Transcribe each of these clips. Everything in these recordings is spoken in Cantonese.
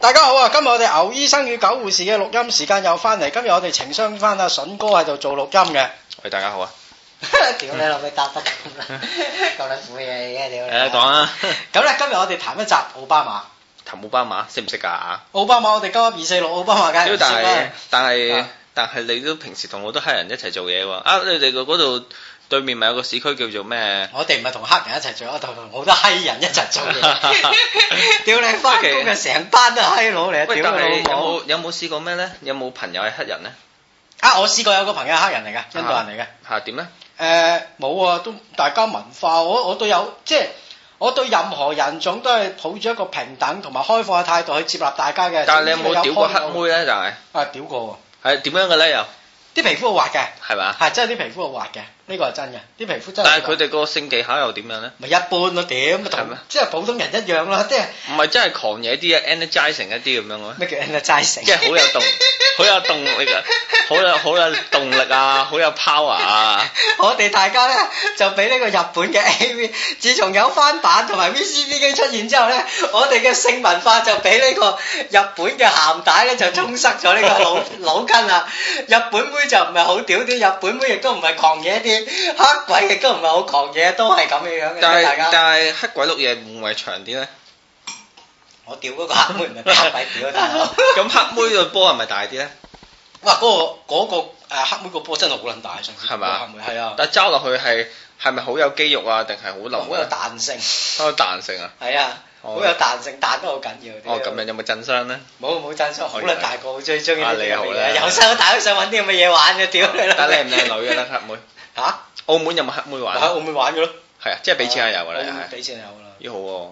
大家好啊！今日我哋牛醫生與狗護士嘅錄音時間又翻嚟。今日我哋情商翻阿筍哥喺度做錄音嘅。喂，大家好啊！屌 你老味，搭得咁啦，咁卵嘢你！你講啦。咁咧，今日我哋談一集奧巴馬。談奧巴馬，識唔識噶？奧巴馬，我哋今日二四六，奧巴馬梗係但係，但係，啊、但係，你都平時同好多黑人一齊做嘢喎。啊，你哋個嗰度。對面咪有個市區叫做咩？我哋唔係同黑人一齊做，我同好多黑人一齊做嘅。屌你翻工嘅成班都係閪佬嚟，屌你！有冇有冇試過咩咧？有冇朋友係黑人咧？啊，我試過有個朋友係黑人嚟噶，印度人嚟嘅。吓點咧？誒，冇啊都大家文化，我我對有即係我對任何人種都係抱住一個平等同埋開放嘅態度去接納大家嘅。但係你有冇屌過黑妹咧？就係啊，屌過。係點樣嘅咧？又啲皮膚好滑嘅，係咪？係即係啲皮膚好滑嘅。呢個係真嘅，啲皮膚真、這個、但係佢哋個性技巧又點樣咧？咪一般咯，點啊，嗎即係普通人一樣啦、啊，即係。唔係真係狂野啲啊 energizing 一啲咁樣咯。咩叫 energizing 即係好有動，好有動力，好有好有動力啊，好有 power 啊！ 我哋大家咧就俾呢個日本嘅 AV，自從有翻版同埋 VCD 機出現之後咧，我哋嘅性文化就俾呢個日本嘅鹹帶咧就沖塞咗呢個腦腦筋啦。日本妹就唔係好屌啲，日本妹亦都唔係狂野啲。黑鬼亦都唔係好狂嘢，都係咁嘅樣嘅。但係是家但係黑鬼碌嘢唔係長啲咧？我屌嗰個黑妹唔係黑鬼屌大佬，咯。咁黑妹個波係咪大啲咧？哇！嗰、嗰個嗰、嗰個、呃、黑妹個波真係好撚大，仲係。咪吧啊？係啊。但係揸落去係係咪好有肌肉啊？定係好流？好有彈性。好 有彈性啊！係啊。好有彈性，彈得好緊要。哦，咁樣有冇震傷咧？冇冇震傷，我咧大個好最中意。啊，你好咧！由細到大都想揾啲咁嘅嘢玩嘅，屌你啦！得男定女啊？得黑妹。嚇？澳門有冇黑妹玩？嚇！澳門玩咗咯。係啊，即係俾錢遊啦，係俾錢遊啦。依好喎，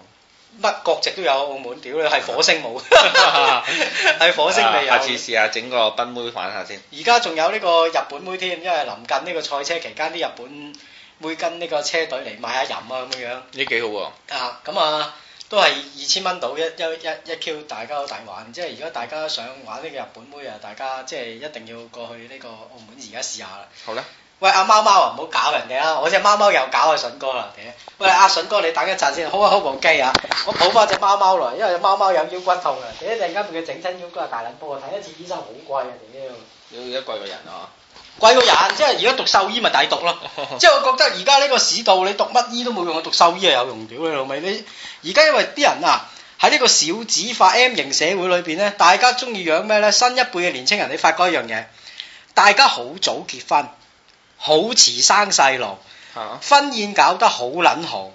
乜國籍都有澳門，屌你係火星冇，係火星嚟。下次試下整個賓妹玩下先。而家仲有呢個日本妹添，因為臨近呢個賽車期間，啲日本妹跟呢個車隊嚟買下淫啊咁樣樣。呢幾好喎。啊，咁啊！都係二千蚊到一一一一 Q，大家都抵玩，即係如果大家想玩呢個日本妹啊，大家即係一定要過去呢個澳門而呢、啊、家試下啦。好咧。喂阿貓貓啊，唔好搞人哋啊！我隻貓貓又搞阿笋哥啦，喂阿笋、啊、哥，你等一陣先，好開、啊、好部機啊！我抱翻隻貓貓嚟，因為隻貓貓有腰骨痛腰骨啊！一陣間俾佢整親腰骨啊，大撚波啊！睇一次醫生好貴啊，屌！要一貴過人啊！貴過人，即係而家讀獸醫咪抵讀咯。 即係我覺得而家呢個市道你，你讀乜醫都冇用，我讀獸醫係有用。屌你老味，你而家因為啲人啊喺呢個少子化 M 型社會裏邊咧，大家中意養咩咧？新一輩嘅年青人，你發覺一樣嘢，大家好早結婚，好遲生細路， 婚宴搞得好捻豪。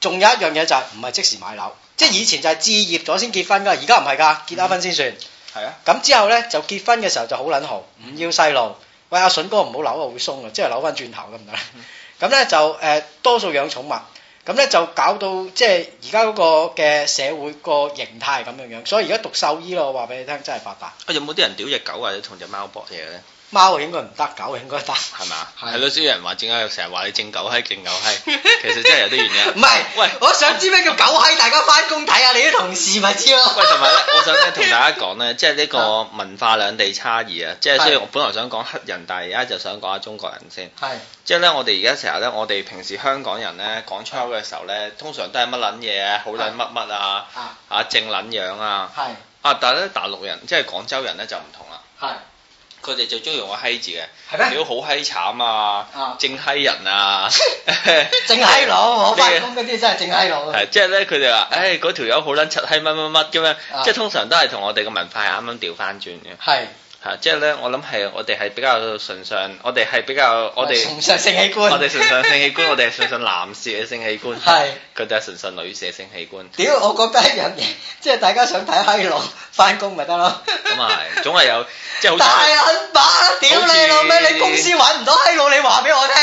仲，mm hmm. 有一樣嘢就係唔係即時買樓，即係以前就係置業咗先結婚噶，而家唔係噶，結咗婚先算。Mm hmm. 係啊，咁之後咧就結婚嘅時候就好撚豪，唔、嗯、要細路，喂阿、啊、順哥唔好扭啊，我會鬆啊，即係扭翻轉頭得唔得，咁 咧就誒、呃、多數養寵物，咁咧就搞到即係而家嗰個嘅社會個形態咁樣樣，所以而家讀獸醫咯，我話俾你聽真係發達。啊，有冇啲人屌隻狗、啊、或者同隻貓搏嘢咧？貓應該唔得，狗應該得，係咪？係咯，少人話正解，成日話你正狗閪勁狗閪，其實真係有啲原因。唔係，喂，我想知咩叫狗閪，大家翻工睇下你啲同事咪知咯。喂，同埋咧，我想咧同大家講咧，即係呢個文化兩地差異啊，即係所以我本來想講黑人，但係而家就想講下中國人先。係。即係咧，我哋而家成日咧，我哋平時香港人咧講粗口嘅時候咧，通常都係乜撚嘢啊，好撚乜乜啊，啊正撚樣啊，係。啊，但係咧大陸人，即係廣州人咧就唔同啦。係。佢哋就中意用個閪字嘅，係咩嗎？條好閪慘啊，啊正閪人啊， 正閪佬人，哈哈我翻工嗰啲真係正閪佬。係，即係咧，佢哋話，唉，嗰條友好撚柒閪乜乜乜咁樣，即係通常都係同我哋嘅文化係啱啱調翻轉嘅。係、啊。係、啊，即係咧，我諗係我哋係比較崇尚，我哋係比較，我哋崇尚性器官， 我哋崇尚性器官，我哋係崇尚男士嘅性器官，係，佢哋係崇尚女士性器官。屌，我覺得一樣嘢，即係大家想睇閪佬翻工咪得咯。咁啊係， 總係有即係好。 大笨伯，屌你老味，你公司揾唔到閪佬，lo, 你話俾我聽，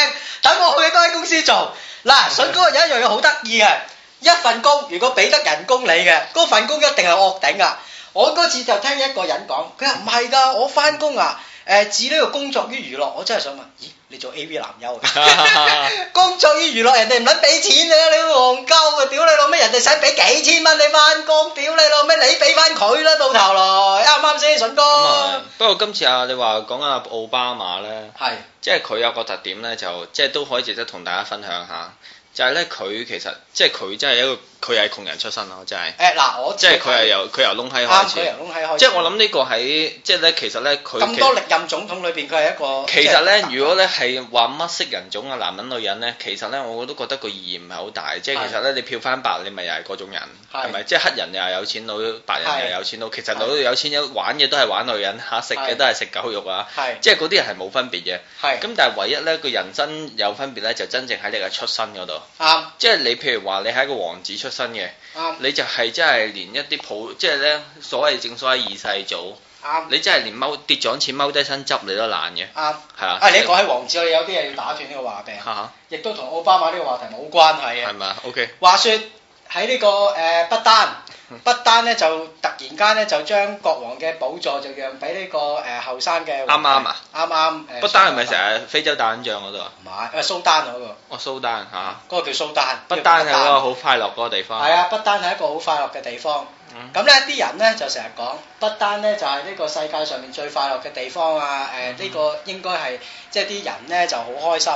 等我去嗰間公司做。嗱，信哥有一樣嘢好得意嘅，一份工如果俾得人工你嘅，嗰份工一定係惡頂啊！我嗰次就聽一個人講，佢話唔係噶，我翻工啊，誒、呃，指呢個工作於娛樂，我真係想問，咦，你做 A V 男優 工作於娛樂，人哋唔肯俾錢你、啊，你憨鳩啊！屌你老咩，人哋使俾幾千蚊你翻工，屌你老咩，你俾翻佢啦，到頭來啱唔啱先，順哥。不過今次啊，你話講緊奧巴馬咧，係是，即係佢有個特點咧，就即係都可以值得同大家分享下，就係、是、咧，佢其實即係佢真係一個。佢係窮人出身咯，真係。嗱，我即係佢係由佢由窿閪開始。啱，佢由窿閪開始。即係我諗呢個喺即係咧，其實咧佢咁多歷任總統裏邊，佢係一個。其實咧，如果咧係話乜色人種嘅男人女人咧，其實咧我都覺得個意義唔係好大。即係其實咧，你票翻白，你咪又係嗰種人，係咪？即係黑人又係有錢佬，白人又有錢佬。其實佬有錢佬玩嘅都係玩女人吓，食嘅都係食狗肉啊。即係嗰啲人係冇分別嘅。咁但係唯一咧，個人生有分別咧，就真正喺你嘅出身嗰度。即係你譬如話，你係一個王子出新嘅，嗯、你就係真係連一啲普，即係咧所謂正所謂二世祖，嗯、你真係連踎跌咗錢，踎低身執你都難嘅，係、嗯、的啊，以你講起王子，我有啲嘢要打斷呢個話柄，亦都同奧巴馬呢個話題冇、啊、關係嘅，係嘛 o k 話說。喺呢、這個誒不、呃、丹，不丹咧就突然間咧就將國王嘅寶座就讓俾呢個誒、呃、後生嘅。啱啱啊！啱啱。不丹係咪成日非洲打緊仗嗰度啊？唔係，係蘇丹嗰、那個。哦，蘇丹嚇。嗰、啊、個叫蘇丹。不丹係一個好快樂嗰個地方。係啊，不丹係一個好快樂嘅地方。咁咧、嗯，啲、嗯、人咧就成日講，不丹咧就係、是、呢個世界上面最快樂嘅地方啊！誒，呢個應該係即係啲人咧就好開心。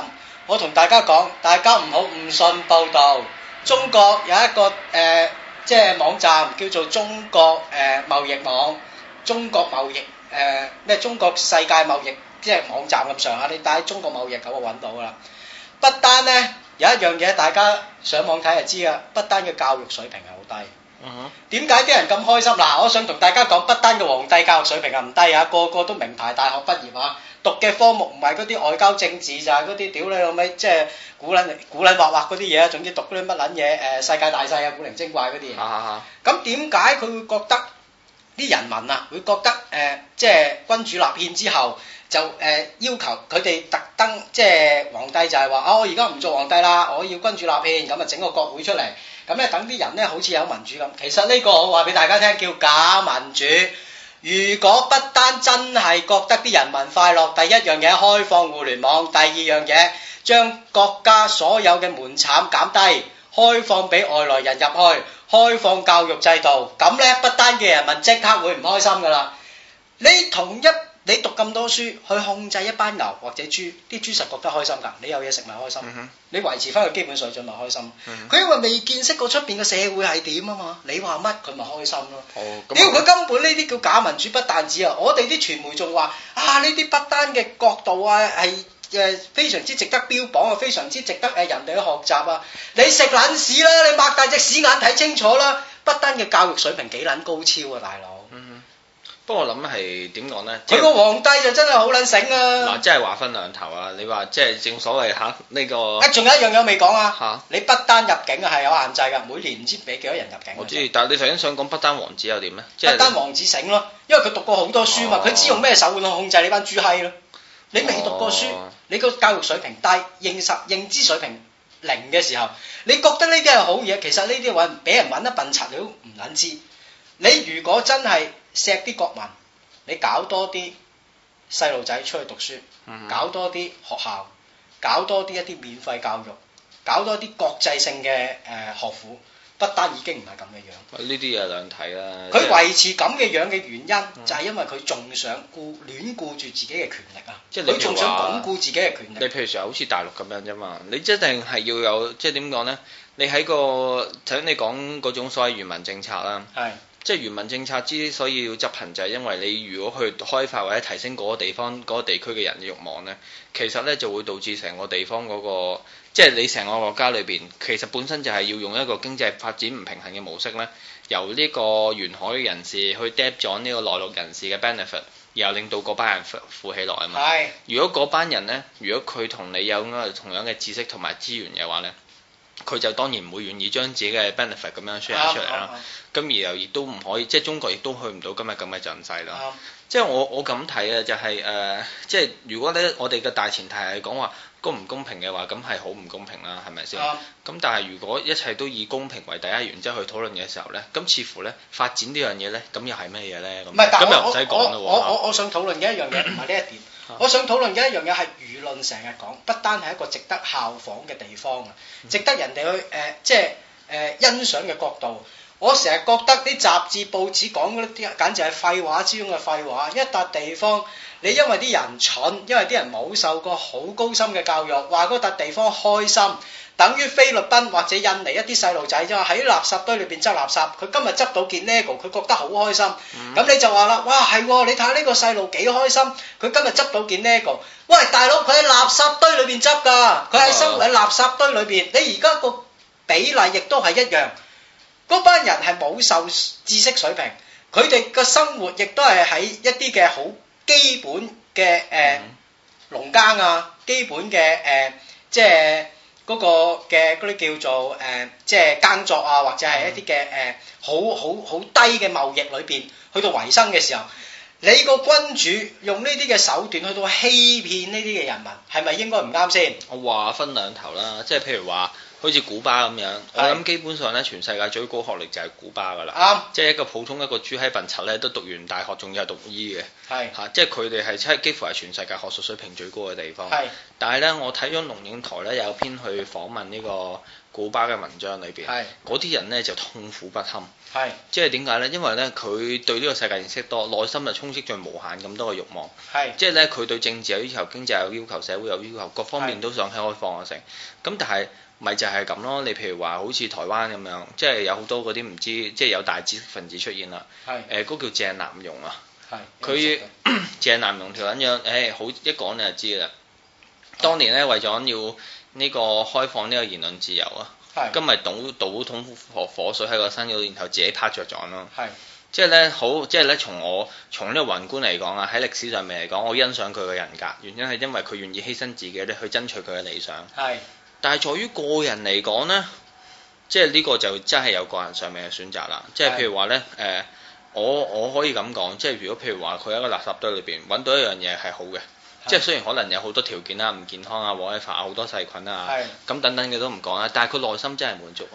我同大家講，大家唔好誤信報道。中國有一個誒、呃，即係網站叫做中國誒貿、呃、易網，中國貿易誒咩？呃、中國世界貿易即係網站咁上下，你打中國貿易咁啊揾到㗎啦！不丹咧有一樣嘢，大家上網睇就知㗎！不丹嘅教育水平係好低，點解啲人咁開心嗱？我想同大家講，不丹嘅皇帝教育水平啊唔低啊，個個都名牌大學畢業啊！讀嘅科目唔係嗰啲外交政治，就係嗰啲屌你老味，即係古撚古撚畫畫嗰啲嘢啊！總之讀嗰啲乜撚嘢，誒世界大勢啊、古靈精怪嗰啲。啊咁點解佢會覺得啲人民啊會覺得誒，即係君主立憲之後就誒要求佢哋特登即係皇帝就係話、啊，我而家唔做皇帝啦，我要君主立憲，咁啊整個國會出嚟，咁咧等啲人咧好似有民主咁。其實呢個我話俾大家聽叫假民主。如果不丹真係覺得啲人民快樂，第一樣嘢，開放互聯網，第二樣嘢，將國家所有嘅門檻減低，開放俾外來人入去，開放教育制度，咁呢，不丹嘅人民即刻會唔開心噶啦，呢同一。你讀咁多書去控制一班牛或者豬，啲豬實覺得開心噶。你有嘢食咪開心，嗯、哼你維持翻個基本水準咪開心。佢、嗯、哼因為未見識過出邊嘅社會係點啊嘛，你話乜佢咪開心咯。屌佢、哦嗯、根本呢啲叫假民主不單止啊！我哋啲傳媒仲話啊呢啲不單嘅角度啊係誒、呃、非常之值得標榜啊，非常之值得誒人哋去學習啊！你食撚屎啦！你擘大隻屎眼睇清楚啦！不單嘅教育水平幾撚高超啊，大佬！不過我諗係點講咧？佢、就、個、是、皇帝就真係好撚醒啊！嗱、啊，即係話分兩頭啊！你話即係正所謂吓呢個，啊，仲有一樣嘢我未講啊！吓哈，你不丹入境係有限制噶，每年唔知俾幾多人入境。我知，但係你頭先想講不丹王子又點咧？即不丹王子醒咯、啊，因為佢讀過好多書嘛，佢、啊、知用咩手段控制呢班豬閪咯。啊、你未讀過書，你個教育水平低，認識認知水平零嘅時候，你覺得呢啲係好嘢，其實呢啲搵俾人搵得笨賊，你都唔捻知。你如果真係，錫啲國民，你搞多啲細路仔出去讀書，搞多啲學校，搞多啲一啲免費教育，搞多啲國際性嘅誒、呃、學府，不單已經唔係咁嘅樣。呢啲嘢兩睇啦。佢他 是維持咁嘅樣嘅原因，就係、是、因為佢仲想顧戀顧住自己嘅權力啊！即係你佢仲想鞏固自己嘅權力。你譬如，你譬如好似大陸咁樣啫嘛，你一定係要有即係點講呢？你喺個，請你講嗰種所謂移民政策啦。係。即係愚民政策之所以要執行，就係因為你如果去開發或者提升嗰個地方嗰個地區嘅人嘅慾望呢，其實呢就會導致成個地方嗰個，即係你成個國家裏邊，其實本身就係要用一個經濟發展唔平衡嘅模式呢，由呢個沿海嘅人士去 debt 咗呢個內陸人士嘅 benefit，然後令到嗰班人富，富起來啊嘛。係。如果嗰班人呢，如果佢同你有同樣嘅知識同埋資源嘅話呢。佢就當然唔會願意將自己嘅 benefit 咁樣 share 出嚟啦，咁、嗯嗯嗯、而又亦都唔可以，即係中國亦都去唔到今日咁嘅陣勢啦、嗯就係呃。即係我我咁睇啊，就係誒，即係如果咧我哋嘅大前提係講話公唔公平嘅話，咁係好唔公平啦，係咪先？咁、嗯、但係如果一切都以公平為第一原則去討論嘅時候咧，咁似乎咧發展呢樣嘢咧，咁又係咩嘢咧？唔係，咁又唔使講啦喎。我我我想討論嘅一樣嘢唔係呢一點。 我想討論嘅一樣嘢係輿論成日講，不單係一個值得效仿嘅地方啊，值得人哋去誒、呃，即係誒、呃、欣賞嘅角度。我成日覺得啲雜誌報紙講嗰啲，簡直係廢話之中嘅廢話。一笪地方，你因為啲人蠢，因為啲人冇受過好高深嘅教育，話嗰笪地方開心。等於菲律賓或者印尼一啲細路仔啫，喺垃圾堆裏邊執垃圾，佢今日執到件 LEGO，佢覺得好開心。咁、嗯、你就話啦，哇係、啊，你睇下呢個細路幾開心，佢今日執到件 LEGO。喂，大佬佢喺垃圾堆裏邊執噶，佢喺生活喺、啊、垃圾堆裏邊。你而家個比例亦都係一樣，嗰班人係冇受知識水平，佢哋個生活亦都係喺一啲嘅好基本嘅誒，呃嗯、農耕啊，基本嘅誒、呃，即係。嗰個嘅嗰啲叫做誒、呃，即係耕作啊，或者係一啲嘅誒，好好好低嘅貿易裏邊，去到維生嘅時候，你個君主用呢啲嘅手段去到欺騙呢啲嘅人民，係咪應該唔啱先？我話分兩頭啦，即係譬如話。好似古巴咁樣，的我諗基本上咧，全世界最高學歷就係古巴噶啦，確即係一個普通一個豬閪笨柒咧，都讀完大學仲要係讀醫嘅，嚇的、啊，即係佢哋係真係幾乎係全世界學術水平最高嘅地方。的但係咧，我睇咗《龍影台》咧有篇去訪問呢個古巴嘅文章裏邊，嗰啲的人咧就痛苦不堪，的即係點解咧？因為咧佢對呢個世界認識多，內心就充斥住無限咁多嘅慾望，的的即係咧佢對政治有要求，經濟有要求，社會有要求，各方面都想開放啊成，咁的但係。咪就係咁咯，你譬如話好似台灣咁樣，即係有好多嗰啲唔知，即係有大知識分子出現啦。係的。誒、呃，嗰個叫鄭南榕啊。係的。佢他 鄭南榕條捻樣，誒、欸，好一講你就知啦。的當年咧，為咗要呢、這個開放呢個言論自由啊，咁咪倒倒桶河火水喺個身度，然後自己撻着咗咯。係的。即係咧，好即係咧，從我從呢個宏觀嚟講啊，喺歷史上面嚟講，我欣賞佢嘅人格，原因係因為佢願意犧牲自己咧去爭取佢嘅理想。係的。的但係在於個人嚟講咧，即係呢個就真係有個人上面嘅選擇啦。即係譬如話咧，誒、呃，我我可以咁講，即係如果譬如話佢喺個垃圾堆裏邊搵到一樣嘢係好嘅，是的 即係雖然可能有好多條件啊，唔健康啊、冇化學好多細菌啊，咁是的 等等嘅都唔講啦，但係佢內心真係滿足。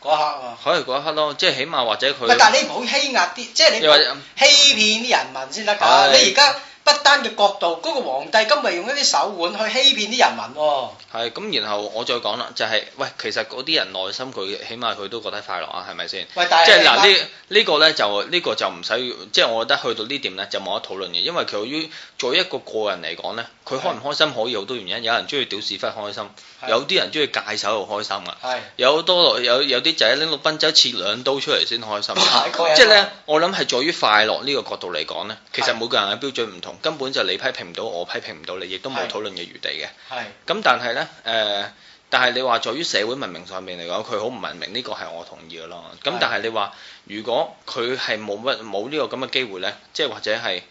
嗰刻啊！係嗰一刻咯，即係起碼或者佢。但係你唔好欺壓啲，即係你欺騙啲人民先得㗎，是的 你而家。不單嘅角度，嗰個皇帝今日用一啲手腕去欺騙啲人民喎。係咁，然後我再講啦，就係，喂，其實嗰啲人內心佢，起碼佢都覺得快樂啊，係咪先？喂，但係即係嗱，呢呢個咧就呢個就唔使，即係我覺得去到呢點咧就冇得討論嘅，因為佢於作為一個個人嚟講咧，佢開唔開心，可以好多原因，有人中意屌屎忽開心。有啲人中意戒手就開心啦是，有多有有啲仔拎六奔走切兩刀出嚟先開心，即係咧我諗係在於快樂呢個角度嚟講咧，其實每個人嘅標準唔同，根本就你批評唔到我批評唔到你，亦都冇討論嘅餘地嘅。係是。咁但係咧，誒、呃，但係你話在於社會文明上面嚟講，佢好唔文明呢、這個係我同意嘅咯。咁但係你話，如果佢係冇乜冇呢個咁嘅機會咧，即係或者係。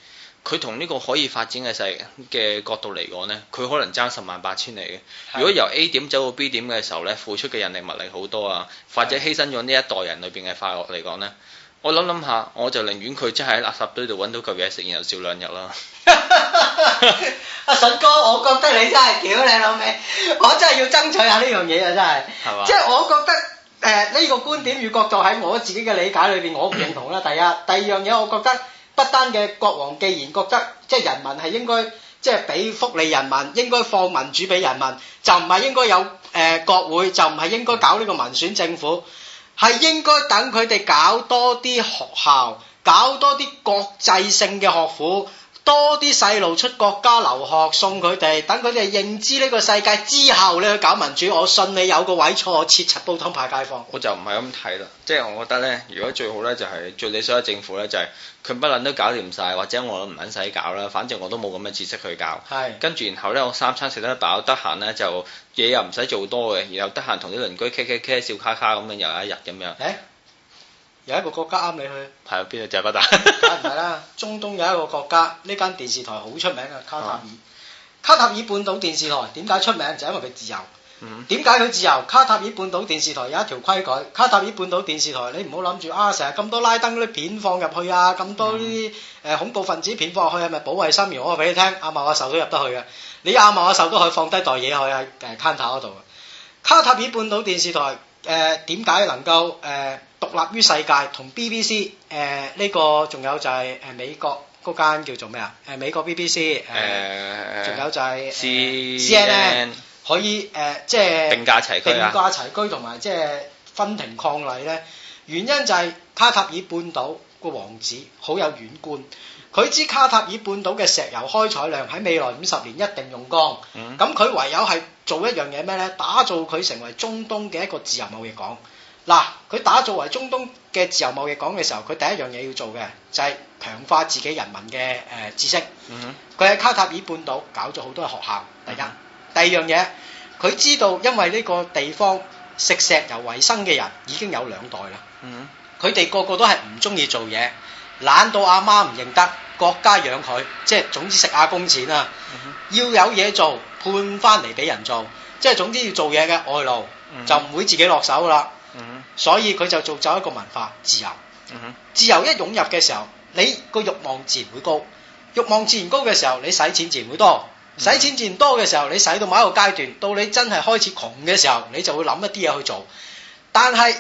佢同呢個可以發展嘅勢嘅角度嚟講呢，佢可能爭十萬八千里嘅。是的 如果由 A 點走到 B 點嘅時候呢，付出嘅人力物力好多啊！或者犧牲咗呢一代人裏邊嘅快樂嚟講呢，我諗諗下，我就寧願佢真係喺垃圾堆度揾到嚿嘢食，然後笑兩日啦。阿、 啊、順哥，我覺得你真係屌你老味。我真係要爭取下呢樣嘢啊！真係，吧即係我覺得誒呢，呃呢個觀點與角度喺我自己嘅理解裏邊，我唔認同啦。第一， 第二樣嘢，我覺得。不單嘅國王，既然覺得即係人民係應該即係俾福利人民，應該放民主俾人民，就唔係應該有誒、呃、國會，就唔係應該搞呢個民選政府，係應該等佢哋搞多啲學校，搞多啲國際性嘅學府。多啲細路出國家留學，送佢哋等佢哋認知呢個世界之後，你去搞民主，我信你有個位坐，切實煲湯派街坊。我就唔係咁睇啦，即係我覺得呢，如果最好呢、就是，就係最理想嘅政府呢、就是，就係佢不能都搞掂晒，或者我都唔肯使搞啦，反正我都冇咁嘅知識去搞。係是。跟住然後呢，我三餐食得飽，得閒呢就嘢又唔使做多嘅，然後得閒同啲鄰居傾傾傾，笑卡卡咁樣又一日咁樣。哎有一個國家啱你去，係邊啊？就係北大，梗唔係啦？中東有一個國家，呢間電視台好出名嘅卡塔爾，卡塔爾、啊、半島電視台點解出名？就係、因為佢自由。點解佢自由？卡塔爾半島電視台有一條規矩，卡塔爾半島電視台你唔好諗住啊！成日咁多拉登啲片放入去啊，咁多呢啲誒恐怖分子片放入去係咪、嗯、保衞森嚴？我話俾你聽，阿茂阿壽都入得去啊。去你阿茂阿壽都可以放低袋嘢去誒卡塔嗰度嘅。卡塔爾半島電視台。誒點解能夠誒、呃、獨立於世界同 BBC 誒、呃、呢、這個仲有就係誒美國嗰間叫做咩啊誒美國 BBC 誒仲有就係、是、CNN 可以誒、呃、即係並駕齊並駕、啊、齊驅同埋即係分庭抗禮咧，原因就係卡塔爾半島個王子好有遠觀。佢知卡塔爾半島嘅石油開採量喺未來五十年一定用光，咁佢、嗯、唯有係做一樣嘢咩咧？打造佢成為中東嘅一個自由貿易港。嗱，佢打造為中東嘅自由貿易港嘅時候，佢第一樣嘢要做嘅就係、是、強化自己人民嘅誒、呃、知識。佢喺、嗯、卡塔爾半島搞咗好多學校，第一。嗯、第二樣嘢，佢知道因為呢個地方食石油為生嘅人已經有兩代啦，佢哋、嗯、個個都係唔中意做嘢，懶到阿媽唔認得。國家養佢，即係總之食下工錢啦，要有嘢做判翻嚟俾人做，即係總之要做嘢嘅外勞就唔會自己落手噶啦，所以佢就造就一個文化自由，自由一湧入嘅時候，你個欲望自然會高，欲望自然高嘅時候，你使錢自然會多，使錢自然多嘅時候，你使到某一個階段，到你真係開始窮嘅時候，你就會諗一啲嘢去做，但係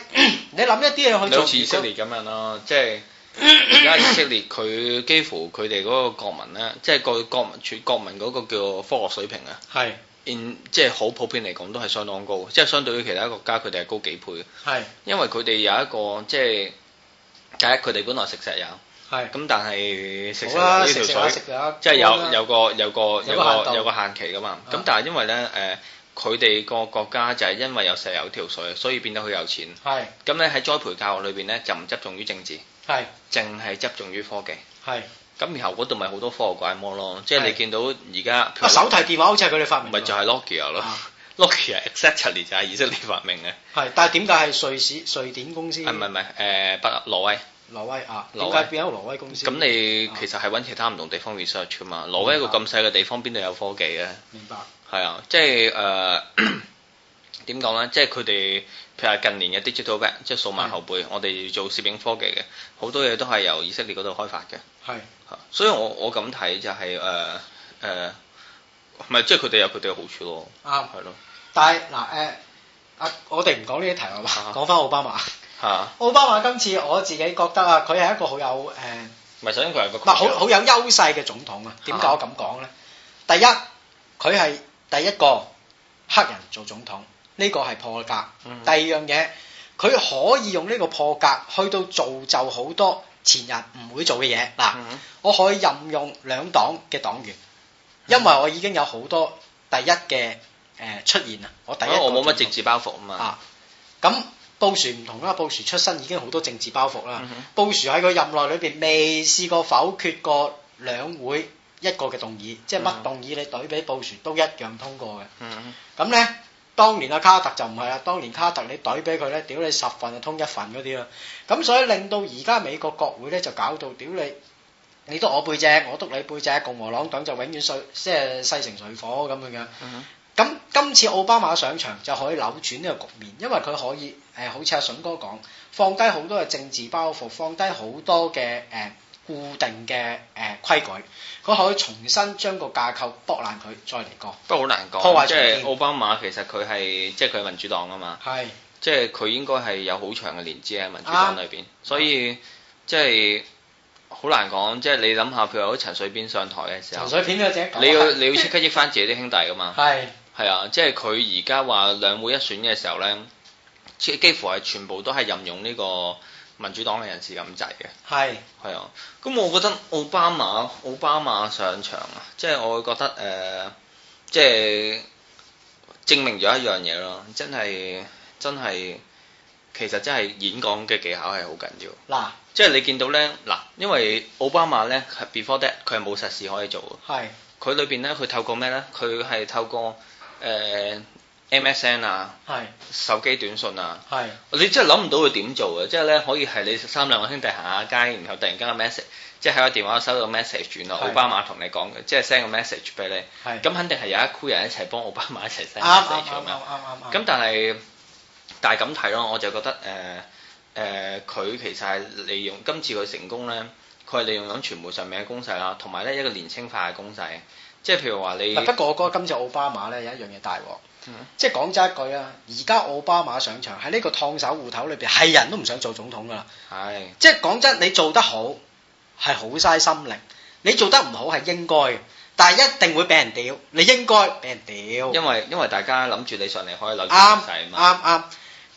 你諗一啲嘢去做。類似以色列咁樣咯，即係。而家以色列佢幾乎佢哋嗰個國民咧，即係個國民全國民個叫科學水平啊，係是，in, 即係好普遍嚟講都係相當高，即係相對於其他國家，佢哋係高幾倍係，是因為佢哋有一個即係第一，佢哋本來食石油，係是，咁但係食石油呢條水，啊食食啊、即係有有個有個有個有，有個限期噶嘛，咁是、嗯、但係因為咧誒，佢哋個國家就係因為有石油條水，所以變得好有錢，係是，咁咧喺栽培教育裏邊咧就唔側重於政治。係淨係側重於科技，係咁然後嗰度咪好多科學怪魔咯，即係你見到而家手提電話好似係佢哋發明，咪就係 Nokia 咯 Nokia exactly 就係以色列發明嘅。係，但係點解係瑞士瑞典公司？唔係唔係，誒北挪威，挪威啊，點解變咗挪威公司？咁你其實係搵其他唔同地方 research 噶嘛？挪威一個咁細嘅地方，邊度有科技咧？明白。係啊，即係誒。點講咧？即係佢哋，譬如話近年嘅 digital back，即係數碼後背。是我哋做攝影科技嘅，好多嘢都係由以色列嗰度開發嘅。係是，所以我我咁睇就係誒誒，唔、呃、係、呃，即係佢哋有佢哋嘅好處咯。啱係、啊、咯。但係嗱誒，阿、啊、我哋唔講呢一題啦，講翻奧巴馬。吓、啊。奧巴馬今次我自己覺得啊，佢係一個，有、呃、一個好有誒，唔係首先佢係個好好有優勢嘅總統啊。點解我咁講咧？第一，佢係第一個黑人做總統。呢個係破格、嗯哼。第二樣嘢，佢可以用呢個破格去到造就好多前日唔會做嘅嘢嗱。嗯、哼我可以任用兩黨嘅黨員，嗯、哼因為我已經有好多第一嘅誒、呃、出現啦。我第一，我冇乜政治包袱啊嘛。咁、啊、布殊唔同啦，布殊出身已經好多政治包袱啦。嗯、哼布殊喺佢任內裏邊未試過否決過兩會一個嘅動議，即係乜動議你對比布殊都一樣通過嘅。咁呢、嗯哼？嗯當年阿卡特就唔係啦，當年卡特你懟俾佢咧，屌你十份就通一份嗰啲啦，咁所以令到而家美國國會咧就搞到屌你，你督我背脊，我督你背脊，共和黨黨就永遠衰，即係勢成水火咁樣樣，咁、嗯、哼今次奧巴馬上場就可以扭轉呢個局面，因為佢可以誒，好似阿笋哥講，放低好多嘅政治包袱，放低好多嘅誒。呃固定嘅誒、呃、規矩，佢可以重新將個架構剝爛佢，再嚟過。不過好難講，即係奧巴馬其實佢係即係佢係民主黨啊嘛。係、啊，即係佢應該係有好長嘅年資喺民主黨裏邊，所以即係好難講。即係你諗下，譬如喺似陳水扁上台嘅時候，陳水扁嗰隻你要、就是、你要即刻益翻自己啲兄弟噶嘛？係係啊，即係佢而家話兩會一選嘅時候咧，即係幾乎係全部都係任用呢、這個。民主黨嘅人士咁滯嘅，係係是啊，咁我覺得奧巴馬奧巴馬上場啊，即係我會覺得誒、呃，即係證明咗一樣嘢咯，真係真係其實真係演講嘅技巧係好緊要嗱，喏即係你見到咧嗱，因為奧巴馬咧係 before that 佢係冇實事可以做嘅，係佢裏邊咧佢透過咩咧？佢係透過誒。呃 MSN 啊，係手機短信啊，係你真係諗唔到佢點做嘅，即係咧可以係你三兩個兄弟行下街，然後突然間個 message，即係喺個電話收到個 message 轉咯。奧巴馬同你講，即係 send 個 message 俾你，咁肯定係有一羣人一齊幫奧巴馬一齊 send message 咁樣。咁但係但係咁睇咯，我就覺得誒誒佢其實係利用今次佢成功咧，佢係利用緊傳媒上面嘅攻勢啦，同埋咧一個年輕化嘅攻勢。即係譬如話你，嗱不過我覺得今次奧巴馬咧有一樣嘢大鑊，即係講真一句啦，而家奧巴馬上場喺呢個燙手芋頭裏邊係人都唔想做總統噶啦，係，即係講真你做得好係好嘥心力，你做得唔好係應該嘅，但係一定會俾人屌，你應該俾人屌。因為因為大家諗住你上嚟可以扭轉曬嘛，啱，啱，啱，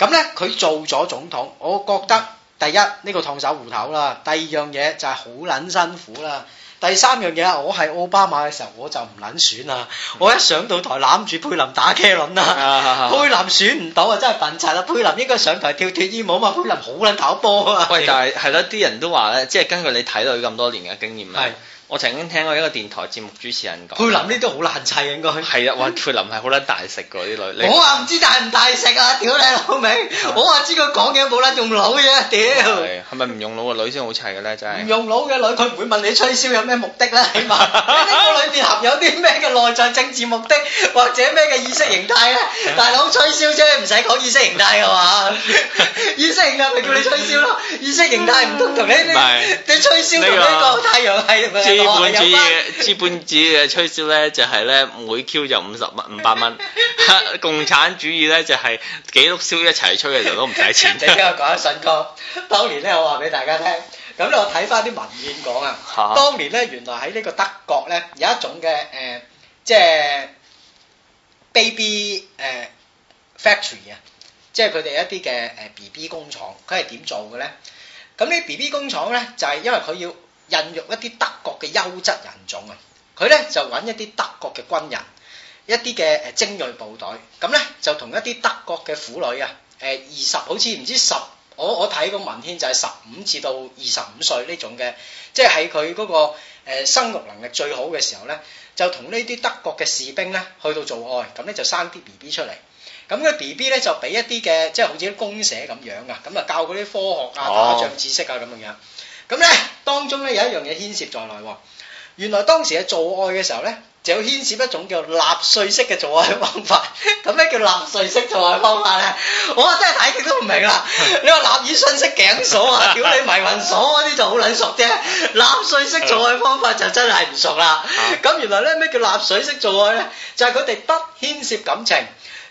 咁咧佢做咗總統，我覺得第一呢個燙手芋頭啦，第二樣嘢就係好撚辛苦啦。第三樣嘢，我係奧巴馬嘅時候我就唔撚選啦，我一上到台攬住佩林打茄輪啦，佩林選唔到啊，真係笨柒啦，佩林應該上台跳脱衣舞嘛，佩林好撚頭波啊！喂，但係係咯，啲 人都話咧，即係根據你睇到咁多年嘅經驗咧。我曾經聽過一個電台節目主持人講，佩林呢啲都好難砌，應該係啊，哇，佩林係好撚大食嗰啲女，我話唔知大唔大食啊！屌你老味， 我話知佢講嘢冇撚用腦嘅，屌係咪唔用腦嘅女先好砌嘅咧？真係唔用腦嘅女，佢唔會問你吹簫有咩目的咧？起碼呢個裏面含有啲咩嘅內在政治目的，或者咩嘅意識形態咧？大佬 吹簫啫，唔使講意識形態係嘛？ 意識形態咪叫你吹簫咯， 意識形態唔通同你你，你吹簫同呢個太陽系？ 資本主義， 資本主義嘅吹銷咧就係咧每 Q 就五十蚊，五百蚊。 共產主義咧就係幾碌燒一齊吹嘅時候都唔使錢。 你聽我講一信哥， 當年咧我話俾大家聽，咁咧我睇翻啲文獻講啊， 當年咧原來喺呢個德國咧有一種嘅誒、呃，即係 B B 誒 factory 啊，即係佢哋一啲嘅誒 B B 工廠，佢係點做嘅咧？咁呢 B B 工廠咧就係、是、因為佢要。孕育一啲德國嘅優質人種啊！佢咧就揾一啲德國嘅軍人，一啲嘅誒精鋭部隊，咁咧就同一啲德國嘅婦女啊，誒二十好似唔知十，我我睇個文獻就係十五至到二十五歲呢種嘅，即係喺佢嗰個、呃、生育能力最好嘅時候咧，就同呢啲德國嘅士兵咧去到做愛，咁咧就生啲 B B 出嚟，咁嘅 B B 咧就俾一啲嘅即係好似啲公社咁樣啊，咁啊教佢啲科學啊、打仗知識啊咁嘅樣。Oh. 咁咧，當中咧有一樣嘢牽涉在內喎。原來當時喺做愛嘅時候咧，就要牽涉一種叫納粹式嘅做愛方法。咁 咩叫納粹式做愛方法咧？我真係睇極都唔明啦。你話納爾遜式頸鎖啊，屌你迷魂鎖嗰啲就好捻熟啫，納粹式做愛方法就真係唔熟啦。咁 原來咧咩叫納粹式做愛咧？就係佢哋不牽涉感情。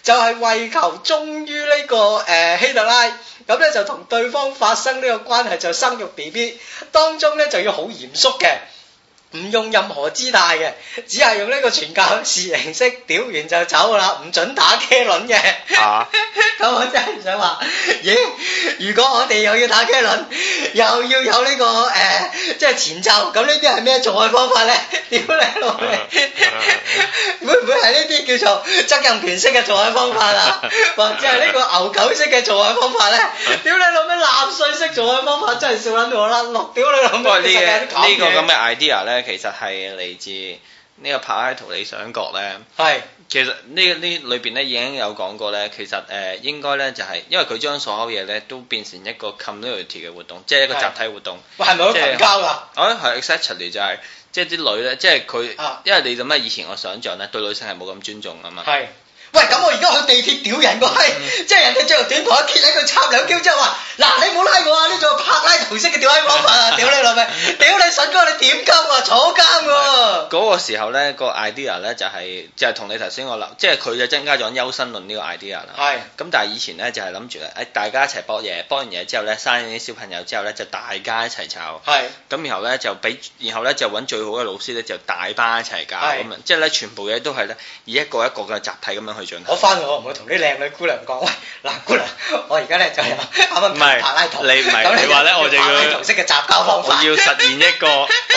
就係為求忠於呢、這個誒、呃、希特拉，咁咧就同對方發生呢個關係，就生育 B B，當中咧就要好嚴肅嘅，唔用任何姿態嘅，只係用呢個傳教士形式，屌完就走啦，唔准打茄輪嘅。啊！咁 我真係想話，咦？如果我哋又要打茄輪，又要有呢、這個誒、呃，即係前奏，咁呢啲係咩做愛方法咧？屌你老味！呢啲叫做責任權式嘅做愛方法啊，或者係呢、這個牛狗式嘅做愛方法咧、啊，屌你老味納稅式做愛方法、啊、真係笑撚到我甩碌咯，屌你老味！不過呢嘅個咁嘅 idea 咧，其實係嚟自呢個柏拉圖理想國咧。係，其實呢呢裏邊咧已經有講過咧，其實誒應該咧就係因為佢將所有嘢咧都變成一個 community 嘅活動，即、就、係、是、一個集體活動。喂，係咪好群交㗎、就是？啊，係 exactly 就係、是。即係啲女咧，即係佢，啊，因為你做乜？以前我想象咧，對女性係冇咁尊重啊嘛。係。喂，咁我而家去地鐵屌人個閪，嗯、即係人哋着條短褲，一揭喺佢插兩招之後話：嗱，你冇拉我啊！呢個柏拉圖式嘅屌閪方法啊，屌 你老味，屌 你神哥，你點監我坐監㗎、啊？嗰、嗰個時候咧，嗰個 idea 咧就係、是、就係、是、同你頭先我諗，即係佢就增加咗優生論呢個 idea 啦是。係。咁但係以前咧就係諗住誒大家一齊搏嘢，搏完嘢之後咧生啲小朋友之後咧就大家一齊湊。係是。咁然後咧就俾，然後咧就揾最好嘅老師咧就大班一齊教咁啊，即係咧全部嘢都係咧以一個一個嘅集體咁樣去。我翻去我唔會同啲靚女姑娘講，喂，嗱姑娘，我而家咧就阿媽唔係，你唔係，你話咧我就要柏拉圖式嘅雜交方法，要實現一個，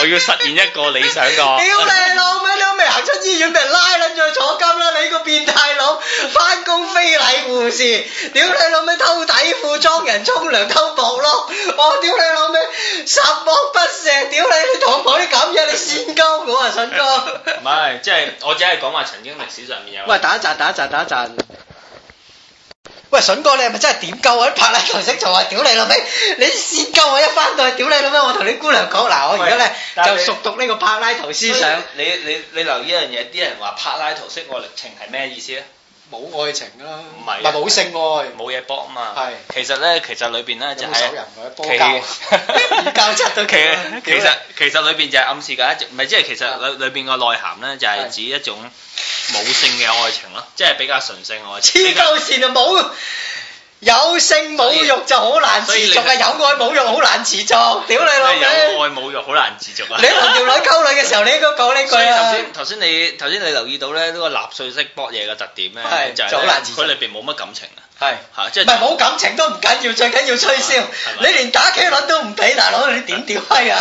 我要實現一個理想㗎。屌你老味，你都未行出醫院，咪拉緊仲要坐監啦！你個變態佬，翻工非禮護士，屌你老味偷底褲裝人沖涼偷抱咯！我屌你老味十惡不赦，屌你你同我講啲咁嘢？你戇鳩我啊，蠢哥！唔係，即係我只係講話曾經歷史上面有。喂，打一紮打。等一陣，等一陣。喂，筍哥，你係咪真係點救我啲柏拉圖式就話屌你老味？你先救我一翻到去屌你老咩？我同你姑娘講，嗱、啊，我而家咧就熟讀呢個柏拉圖思想。你你你，你留意一樣嘢，啲人話柏拉圖式愛情係咩意思咧？冇愛情啦、啊，唔係冇性愛，冇嘢搏啊嘛。係是，其實咧，其實裏邊咧就係，二交七都其其其實裏邊就係暗示緊一唔係即係其實裏裏邊個內涵咧就係指一種冇性嘅愛情咯，即係是比較純性嘅愛情。黐膠線就冇。實有性冇欲就好難持續啊，有愛冇欲好難持續，屌你老母！有愛冇欲好難持續啊！你同條女溝女嘅時候，你應該講呢句啊！頭先頭先你頭先你留意到咧，呢個納稅式博嘢嘅特點咧，就係好難持續，佢裏邊冇乜感情啊，係吓即係唔係冇感情都唔緊要，最緊要吹簫。你連打茄輪，都唔俾，大佬你點屌閪啊！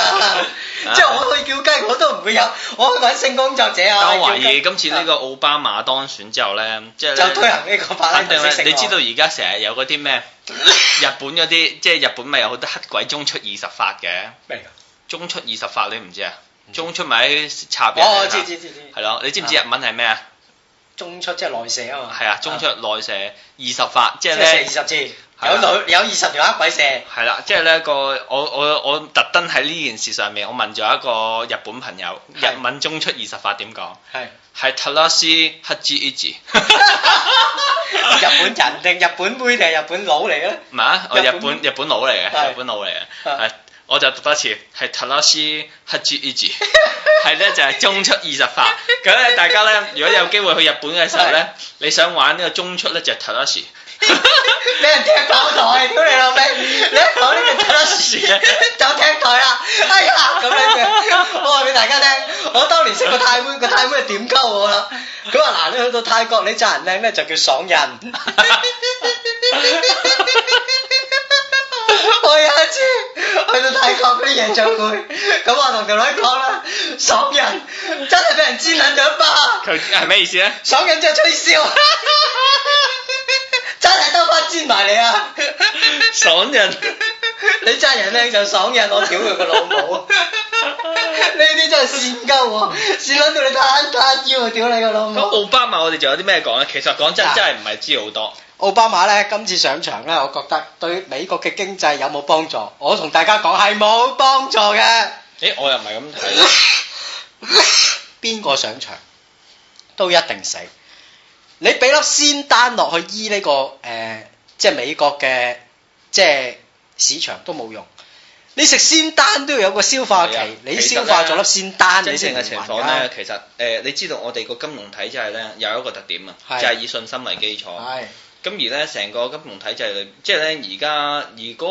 即係我去叫雞，我都唔會有，我係咪性工作者啊？我懷疑今次呢個奧巴馬當選之後咧，就推行呢個法例。你知道而家成日有嗰啲咩？日本嗰啲，即係日本咪有好多黑鬼中出二十法嘅咩？中出二十法你唔知啊？中出咪插人啊？哦，知知知。係咯，你知唔知日文係咩啊？中出即係內射啊嘛。係啊，中出內射二十法，即係寫二十字。有女有二十條啊鬼射，係啦，即係呢個我我我特登喺呢件事上面，我問咗一個日本朋友，的日文中出二十法點講？係的，係 Terasi Hajiiz 日本人定日本妹定日本佬嚟咧？唔係啊，我日本日本佬嚟嘅，的日本佬嚟嘅，係我的就讀多次，係 Terasi Hajiiz 係咧就係中出二十法，咁咧 大家咧，如果有機會去日本嘅時候咧，的你想玩呢個中出咧就係、Terasi。俾 人踢爆台，屌你老味！你一講呢句幾多事？就踢 台啦，哎呀，咁樣嘅。我話俾大家聽，我當年識個泰妹，個泰妹點溝我啦？佢話嗱，你去到泰國，你讚人靚咧就叫爽人。 我有一次去到泰國嗰啲演唱會，咁我同條女講啦，爽人真係俾人專兩巴。佢係咩意思咧？爽人就吹簫。 真係兜翻煎埋你啊！爽人，你揸人靚就爽人，我屌佢個老母。呢啲真係善鳩，善捻到你攤攤腰，屌你個老母！咁奧巴馬我哋仲有啲咩講咧？其實講真真係唔係知好多。奧巴馬咧今次上場咧，我覺得對美國嘅經濟有冇幫助？我同大家講係冇幫助嘅。誒，我又唔係咁睇。邊個上場都一定死。你俾粒仙丹落去醫呢、個誒、呃，即係美國嘅即係市場都冇用。你食仙丹都要有個消化期，你消化咗粒仙丹你成正常嘅情況咧，其實誒、呃，你知道我哋個金融體系咧有一個特點啊，的就係以信心為基礎。咁而咧，成個金融體制、就、咧、是，即係咧，而家而嗰個、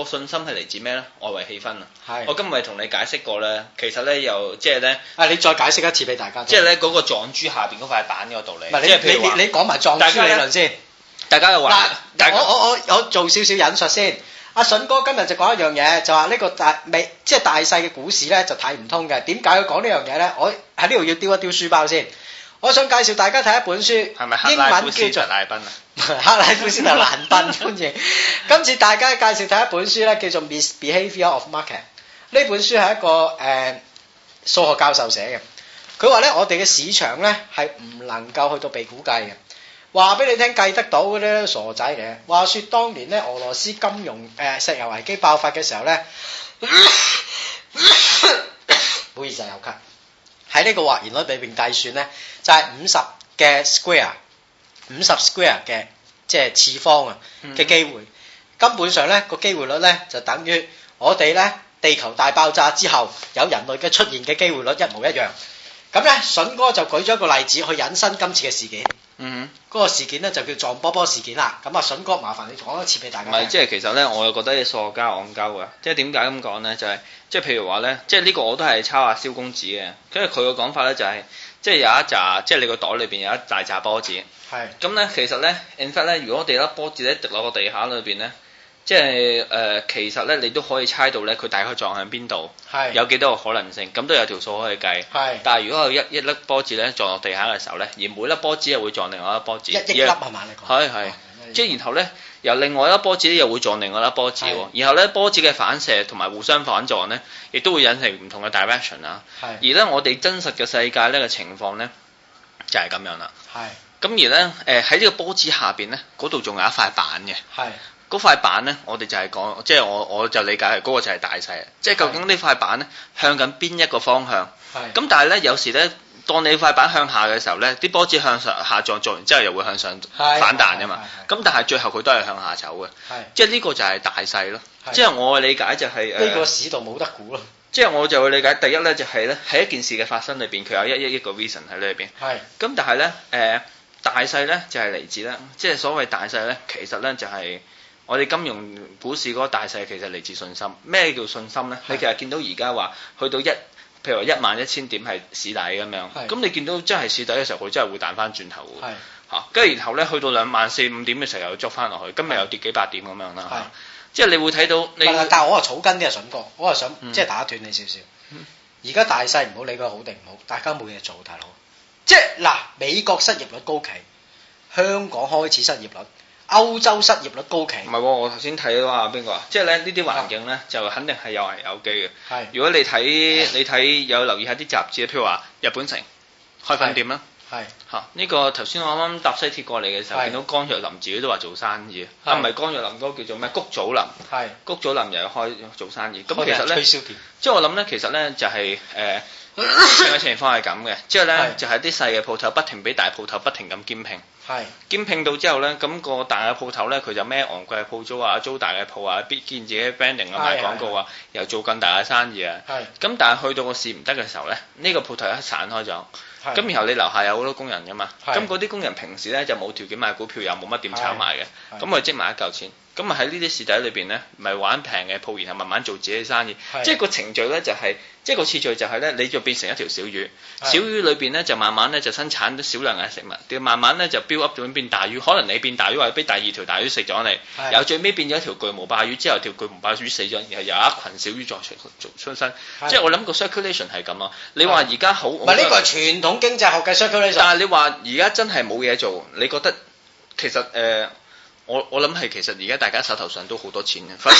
嗰個信心係嚟自咩咧？外圍氣氛啊！的我今日同你解釋過咧，其實咧又即係咧，呢啊，你再解釋一次俾大家，即係咧嗰個撞珠下邊嗰塊板嘅道理。唔你你你講埋撞珠理論先，大家又話，但係、啊、家我我我，我做少少引述先。阿、啊、信哥今日就講一樣嘢，就話呢個大未即係大細嘅股市咧就睇唔通嘅。點解要講呢樣嘢咧？我喺呢度要丟一，丟一丟書包先。我想介紹大家睇一本書，係咪英文叫做《拉賓》啊，《克拉夫斯和蘭賓》歡迎。今次大家介紹睇一本書咧，叫做《Mis Behavior of Market》。呢本書係一個誒、呃、數學教授寫嘅，佢話咧，我哋嘅市場咧係唔能夠去到被估計嘅。話俾你聽，計得到嘅咧，傻仔嘅。話說當年咧，俄羅斯金融誒、呃、石油危機爆發嘅時候咧，唔好意思，有咳。喺呢個或然率裏邊計算咧，就係、是、五十嘅 square，五十 square 嘅即係、就是、次方啊嘅機會，嗯、根本上咧，個機會率咧就等於我哋咧，地球大爆炸之後有人類嘅出現嘅機會率一模一樣。咁咧筍哥就舉咗一個例子去引申今次嘅事件。嗯，嗰、mm hmm. 個事件咧就叫撞波波事件啦。咁啊，筍哥，麻煩你講一次俾大家聽。唔係，即係其實咧，我又覺得你數學家戇鳩嘅。即係點解咁講咧？就係、是、即係譬如話咧，即係呢個我都係抄阿蕭公子嘅。跟住佢嘅講法咧就係、是，即係有一扎，即係你個袋裏邊有一大扎波子。係是。咁咧，其實咧，in fact 咧，如果我哋粒波子咧滴落個地下裏邊咧。即係誒，其實咧，你都可以猜到咧，佢大概撞向邊度，有幾多個可能性，咁都有條數可以計。係。但係如果有一一粒波子咧撞落地下嘅時候咧，而每粒波子又會撞另外一粒波子，一粒係嘛？你講係係，即係然後咧，由另外一粒波子又會撞另外一粒波子，然後咧波子嘅反射同埋互相反撞咧，亦都會引起唔同嘅 direction 啊。係。而咧，我哋真實嘅世界呢個情況咧就係咁樣啦。係。咁而咧誒喺呢個波子下邊咧，嗰度仲有一塊板嘅。係。嗰塊板咧，我哋就係講，即係我我就理解係嗰個就係大勢。即係究竟呢塊板咧向緊邊一個方向？咁是的 但係咧，有時咧，當你塊板向下嘅時候咧，啲波子向上下撞撞完之後又會向上反彈啊嘛！咁但係最後佢都係向下走嘅。的即係呢個就係大勢咯。的即係我嘅理解就係、是、呢、uh, 個市道冇得估咯。即係我就會理解第一咧，就係咧，喺一件事嘅發生裏邊，佢有一一一個 reason 喺裏邊。係的。咁但係咧，誒、uh, 大勢咧就係嚟自咧，嗯、即係所謂大勢咧，其實咧就係、是。我哋金融股市嗰個大勢其實嚟自信心，咩叫信心咧？是的 你其實見到而家話去到一，譬如話一萬一千點係市底咁樣，咁是的 你見到真係市底嘅時候，佢真係會彈翻轉頭嘅，嚇是的。跟住然後咧，去到兩萬四五點嘅時候又要捉翻落去，今日又跌幾百點咁樣啦。即係你會睇到你，但係我話草根啲啊，筍哥，我又想即係、嗯、打斷你少少。而家大勢唔好理佢好定唔好，大家冇嘢做，大佬。即係嗱，美國失業率高企，香港開始失業率。歐洲失業率高企，唔係喎，我頭先睇到話邊個啊？即係咧呢啲環境咧，就肯定係有危有機嘅。係，如果你睇你睇有留意下啲雜誌，譬如話日本城開分店啦。係，嚇呢個頭先我啱啱搭西鐵過嚟嘅時候，見到江若琳自己都話做生意，唔係江若琳，都叫做咩谷祖林。係，谷祖林又開做生意。咁其實咧，即係我諗咧，其實咧就係誒，成個情況係咁嘅。即係咧就係啲細嘅鋪頭不停俾大鋪頭不停咁兼併。係兼聘到之後咧，咁、那個大嘅鋪頭咧，佢就孭昂貴嘅鋪租啊，租大嘅鋪啊，必見自己嘅 branding 啊，賣廣告啊，又做更大嘅生意啊。係咁，但係去到個市唔得嘅時候咧，呢、這個鋪頭一散開咗。係咁，然後你樓下有好多工人噶嘛。係咁，嗰啲工人平時咧就冇條件買股票，又冇乜點炒賣嘅。係咁，佢積埋一嚿錢。咁啊喺呢啲事底裏邊咧，咪玩平嘅鋪，然後慢慢做自己嘅生意。是的 即係個程序咧，就係、是、即係個次序就係咧，你就變成一條小魚，是的 小魚裏邊咧就慢慢咧就生產少量嘅食物，掉慢慢咧就 build up 變大魚。可能你變大魚，或者俾第二條大魚食咗你，是的 然後最尾變咗一條巨無霸魚之後條魚，之後條巨無霸魚死咗，然後有一群小魚再出出生。是的 即係我諗個 circulation 係咁啊！你話而家好，唔係呢個係傳統經濟學嘅 circulation，但係你話而家真係冇嘢做，你覺得其實誒？呃我我諗係其實而家大家手頭上都好多錢嘅，否則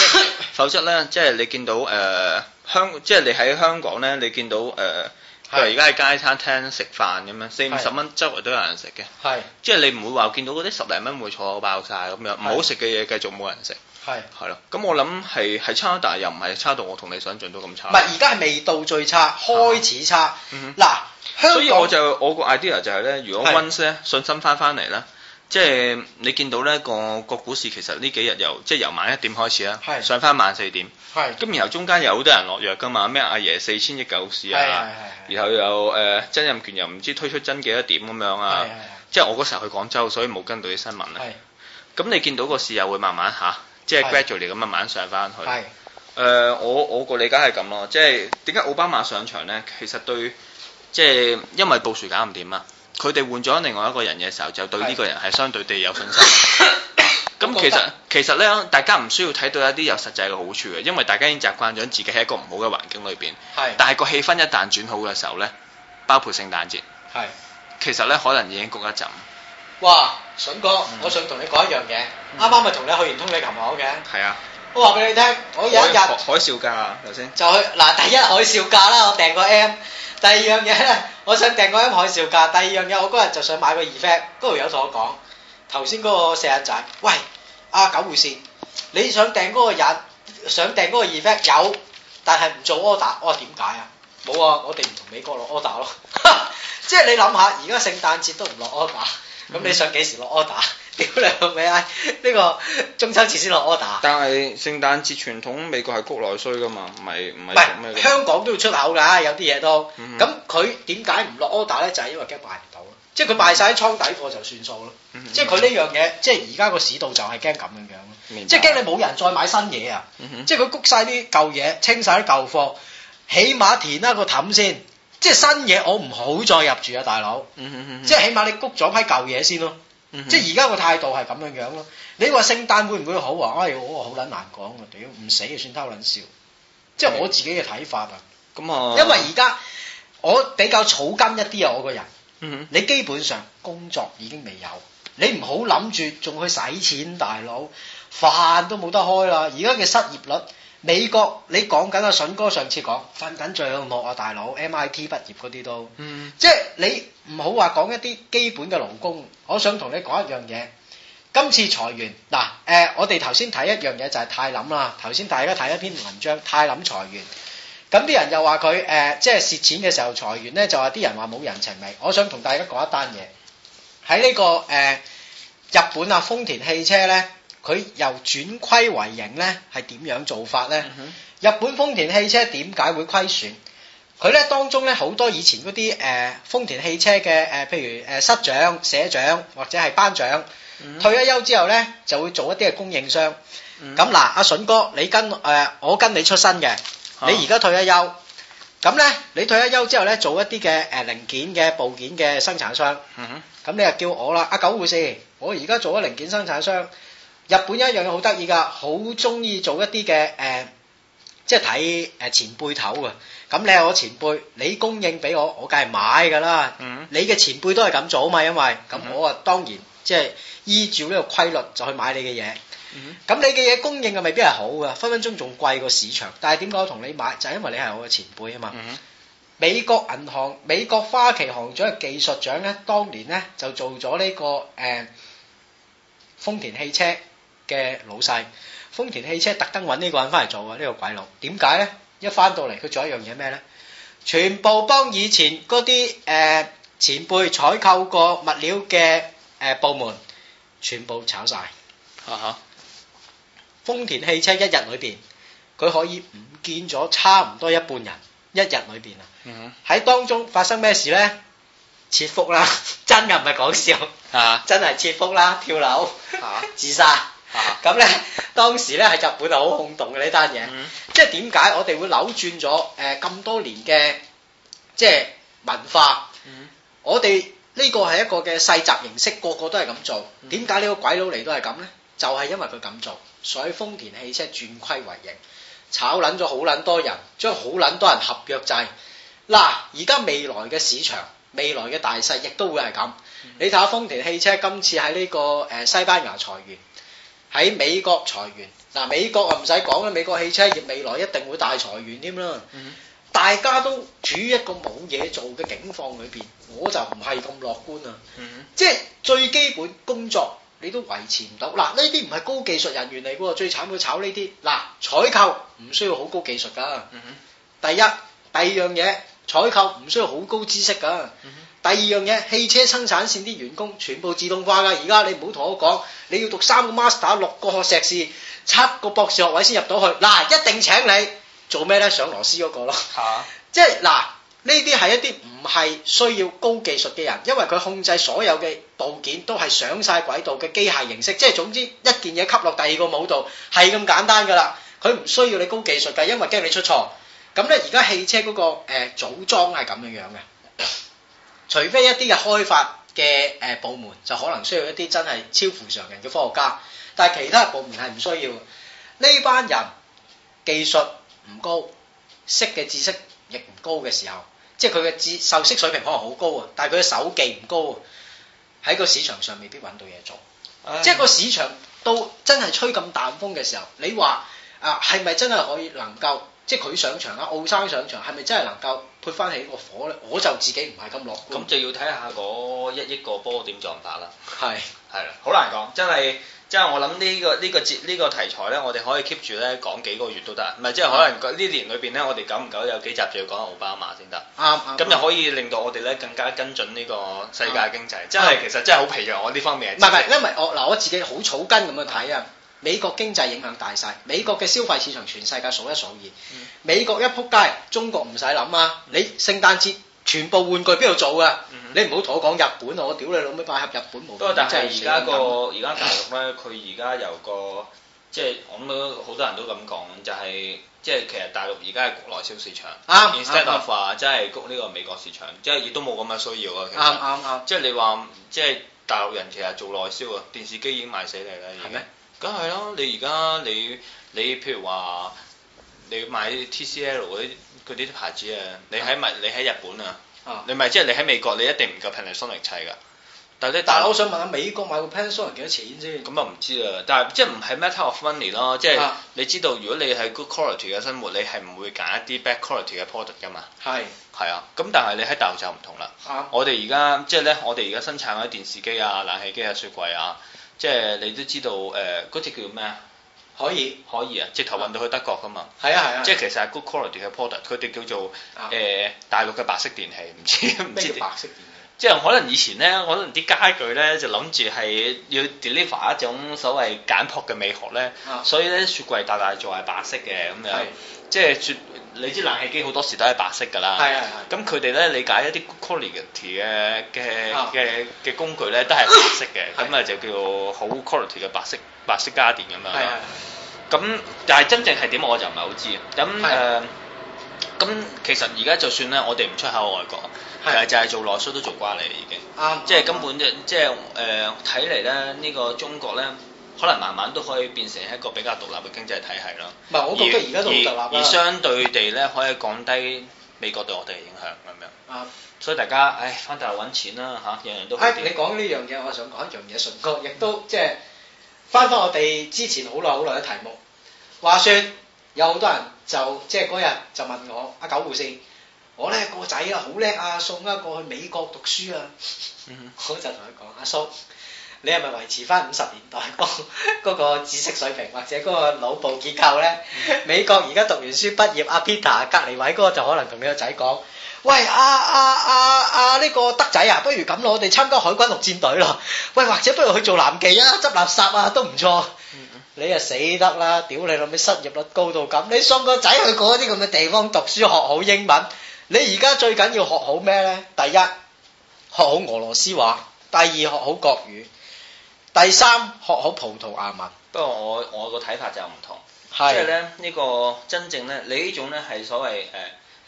否則咧，即係你見到誒、呃、香，即係你喺香港咧，你見到誒，呃、的譬如而家喺街餐廳食飯咁樣，四五十蚊周圍都有人食嘅，係的即係你唔會話見到嗰啲十零蚊會坐爆晒，咁樣，唔的好食嘅嘢繼續冇人食，係係咯，咁我諗係係差大，但係又唔係差到我同你想象都咁差。唔係而家係味道最差，開始差，嗱的，嗯、哼所以我就我個 idea 就係、是、咧，如果 once 信心翻翻嚟咧。的即係你見到呢個個股市其實呢幾日由即係由萬一點開始啦，是上翻萬四點，咁是然後中間有好多人落藥㗎嘛？咩阿爺四千億救市啊，然後又誒曾蔭權又唔知推出增幾多點咁樣啊？即係我嗰時候去廣州，所以冇跟到啲新聞啦。咁是你見到個市又會慢慢下、啊，即係 gradually 咁啊，慢慢上翻去。誒、呃，我我個理解係咁咯，即係點解奧巴馬上場呢？其實對，即係因為布殊搞唔掂啊。佢哋換咗另外一個人嘅時候，就對呢個人係相對地有信心。咁其實 其實咧，大家唔需要睇到一啲有實際嘅好處嘅，因為大家已經習慣咗自己喺一個唔好嘅環境裏邊。係。 但係個氣氛一旦轉好嘅時候咧，包括聖誕節，係 其實咧，可能已經焗一陣。哇，筍哥，我想同你講一樣嘢，啱啱咪同你去完通利琴行嘅。係 是啊。我話俾你聽，我有一日海嘯價頭先就去嗱第一海嘯價啦，我訂個 M，第個 M。第二樣嘢咧，我想訂個 M 海嘯價。第二樣嘢我嗰日就想買個 effect。嗰條友同我講，頭先嗰個四日仔，喂阿、啊、九會線，你想訂嗰個日，想訂嗰個 effect 有，但係唔做 order 我。我話點解啊？冇啊，我哋唔同美國落 order 咯。即係你諗下，而家聖誕節都唔落 order，咁你想幾時落 order？、嗯屌你老味啊！呢個 中秋節先落 order，但係聖誕節傳統美國係谷內需㗎嘛，唔係唔係唔係香港都要出口㗎，有啲嘢都。咁佢點解唔落 order 咧？就係、係、因為驚賣唔到，嗯、哼即係佢賣晒喺倉底貨就算數咯、嗯哼。即係佢呢樣嘢，即係而家個市道就係驚咁樣樣咯。即係驚你冇人再買新嘢啊！嗯、哼即係佢谷晒啲舊嘢，清晒啲舊貨，起碼填一個氹先。即係新嘢，我唔好再入住啊，大佬！即係起碼你谷咗批舊嘢先咯。嗯、即係而家個態度係咁樣樣咯，你話聖誕會唔會好啊？哎，我話好捻難講，屌唔死就算偷捻笑。是即係我自己嘅睇法啊。咁啊、嗯哼，因為而家我比較草根一啲啊，我個人。嗯、哼你基本上工作已經未有，你唔好諗住仲去使錢，大佬飯都冇得開啦。而家嘅失業率。美國，你講緊阿筍哥上次講瞓緊帳幕啊，大佬，MIT 畢業嗰啲都，嗯、即係你唔好話講一啲基本嘅勞工。我想同你講一樣嘢，今次裁員嗱，誒、呃，我哋頭先睇一樣嘢就係泰林啦。頭先大家睇一篇文章，泰林裁員，咁啲人又話佢誒，即係蝕錢嘅時候裁員咧，就話啲人話冇人情味。我想同大家講一單嘢，喺呢、這個誒、呃、日本啊，豐田汽車咧。佢由轉虧為盈咧，係點樣做法咧？日本豐田汽車點解會虧損？佢咧當中咧好多以前嗰啲誒豐田汽車嘅誒，譬如誒室長、社長或者係班長退一休之後咧，就會做一啲嘅供應商。咁嗱，阿筍哥，你跟誒我跟你出身嘅，你而家退一休，咁咧你退一休之後咧，做一啲嘅誒零件嘅部件嘅生產商。咁你就叫我啦，阿狗護士，我而家做咗零件生產商。日本一樣嘢好得意噶，好中意做一啲嘅誒，即係睇誒前輩頭啊！咁你係我前輩，你供應俾我，我梗係買噶啦。Mm hmm. 你嘅前輩都係咁做啊嘛，因為咁我啊當然、mm hmm. 即係依照呢個規律就去買你嘅嘢。咁、mm hmm. 你嘅嘢供應啊未必係好噶，分分鐘仲貴過市場。但係點解我同你買？就係、因為你係我嘅前輩啊嘛。Mm hmm. 美國銀行美國花旗行長嘅技術長咧，當年咧就做咗呢、這個誒豐、呃、田汽車。嘅老細，豐田汽車特登搵呢個人翻嚟做啊！呢個鬼佬，點解呢？一翻到嚟，佢做一樣嘢咩呢？全部幫以前嗰啲誒前輩採購過物料嘅誒部門，全部炒晒。吓吓！豐田汽車一日裏邊，佢可以唔見咗差唔多一半人。一日裏邊啊，喺當中發生咩事呢？切腹啦！真係唔係講笑啊！真係切腹啦，跳樓、自殺。咁咧、啊，當時咧係日本係好轟動嘅呢單嘢，嗯、即係點解我哋會扭轉咗誒咁多年嘅即係文化？嗯、我哋呢個係一個嘅世襲形式，個個都係咁做。點解呢個鬼佬嚟都係咁呢？就係、是、因為佢咁做，所以豐田汽車轉虧為盈，炒撚咗好撚多人，將好撚多人合約制。嗱，而家未來嘅市場、未來嘅大勢亦都會係咁。嗯、你睇下豐田汽車今次喺呢個誒西班牙裁員。喺美國裁員，嗱、啊、美國啊唔使講啦，美國汽車業未來一定會大裁員添啦，mm hmm. 大家都處於一個冇嘢做嘅境況裏邊，我就唔係咁樂觀啦，mm hmm. 即係最基本工作你都維持唔到，嗱呢啲唔係高技術人員嚟噶，最慘會炒呢啲，嗱採購唔需要好高技術噶，mm hmm. 第一第二樣嘢採購唔需要好高知識噶。Mm hmm. 第二樣嘢，汽車生產線啲員工全部自動化噶。而家你唔好同我講，你要讀三個 master、六個學碩士、七個博士學位先入到去。嗱，一定請你做咩咧？上螺絲嗰個咯，啊、即係嗱，呢啲係一啲唔係需要高技術嘅人，因為佢控制所有嘅部件都係上晒軌道嘅機械形式。即係總之，一件嘢吸落第二個舞蹈，係咁簡單噶啦，佢唔需要你高技術噶，因為驚你出錯。咁咧，而家汽車嗰、個誒、呃、組裝係咁樣樣嘅。除非一啲嘅開發嘅誒部門，就可能需要一啲真係超乎常人嘅科學家，但係其他部門係唔需要。呢班人技術唔高，識嘅知識亦唔高嘅時候，即係佢嘅知受識水平可能好高啊，但係佢嘅手技唔高，喺個市場上未必揾到嘢做。即係個市場都真係吹咁淡風嘅時候，你話啊係咪真係可以能夠？即係佢上場啊，奧山上場係咪真係能夠潑翻起個火咧？我就自己唔係咁樂觀。咁就要睇下嗰一億個波點撞法啦。係係啦，好難講，真係即係我諗呢、呢個呢、呢個節呢、呢個題材咧，我哋可以 keep 住咧講幾個月都得，唔係即係可能年裡面呢年裏邊咧，我哋久唔久有幾集就要講奧巴馬先得？啱，咁就可以令到我哋咧更加跟準呢個世界經濟。真係其實真係好疲弱，嗯、我呢方面係，唔係唔係，因為我嗱我，我自己好草根咁去睇啊。美國經濟影響大晒，美國嘅消費市場全世界數一數二。美國一撲街，中國唔使諗啊！你聖誕節全部玩具邊度做啊？你唔好同我講日本，我屌你老味！拜合日本冇。不過，但係而家個而家大陸咧，佢而家有個即係我諗好多人都咁講，就係即係其實大陸而家係國內銷市場 instead of 真係谷呢個美國市場，即係亦都冇咁嘅需要啊！啱啱即係你話即係大陸人其實做內銷啊，電視機已經賣死你啦。梗係囉，你而家你你譬如話，你買 TCL 嗰啲啲牌子啊，你喺物你喺日本啊，你咪即係你喺美國，你一定唔夠 Panasonic 砌噶。但係咧，但係我想問下美國買個 Panasonic 幾多錢先？咁啊，唔知啦，但係即係唔係 matter of money 咯，即係你知道如果你喺 good quality 嘅生活，你係唔會揀一啲 bad quality 嘅 product 噶嘛。係係是啊，咁但係你喺大陸就唔同啦、啊。我哋而家即係咧，我哋而家生產嗰啲電視機啊、冷氣機啊、雪櫃啊。即係你都知道，誒嗰隻叫咩啊？可以、嗯、可以啊，直頭運到去德國㗎嘛。係啊係啊，即係其實係 Good Quality 嘅 Product，佢哋、啊、叫做誒、呃啊、大陸嘅白色電器，唔知唔知白色電器。即係可能以前咧，可能啲家具咧就諗住係要 deliver 一種所謂簡樸嘅美學咧，啊、所以咧雪櫃大大做係白色嘅咁樣，啊、即係雪。你知冷氣機好多時都係白色㗎啦，咁佢哋咧理解一啲 quality 嘅嘅嘅嘅工具咧都係白色嘅，咁咪 就叫好 quality 嘅白色白色家電咁樣。咁的但係真正係點我就唔係好知啊。咁誒，咁的、呃、其實而家就算咧，我哋唔出口外國，誒的就係做內需都做瓜嚟已經。啱、啊。即係根本即即係誒、睇嚟咧呢、呢個中國咧。可能慢慢都可以變成一個比較獨立嘅經濟體系咯。唔係，我覺得而家都獨立而，而相對地咧，可以降低美國對我哋嘅影響咁樣。是是啊，所以大家唉，翻大陸揾錢啦嚇，樣、啊、樣都係、哎。你講呢樣嘢，我想講一樣嘢，順哥亦都即係翻返我哋之前好耐好耐嘅題目。話説有好多人就即係嗰日就問我阿九護士，我咧個仔啊好叻啊，送一個過去美國讀書啊。嗯哼，我就同佢講阿叔。啊 so, 你係咪維持翻五十年代嗰嗰個知識水平或者嗰個腦部結構咧？嗯、美國而家讀完書畢業，阿 Peter 隔離位嗰個就可能同你個仔講：喂，啊啊啊，阿、啊、呢、啊呢個德仔啊，不如咁咯，我哋參加海軍陸戰隊咯。喂，或者不如去做藍記啊，執垃圾啊，都唔錯。嗯、你啊死得啦！屌你老味失業率高到咁，你送個仔去嗰啲咁嘅地方讀書學好英文。你而家最緊要學好咩咧？第一學好俄羅斯話，第二學好國語。第三學好葡萄牙、啊、文，不過我我個睇法就唔同，即係咧呢個真正咧，你種呢種咧係所謂誒、呃、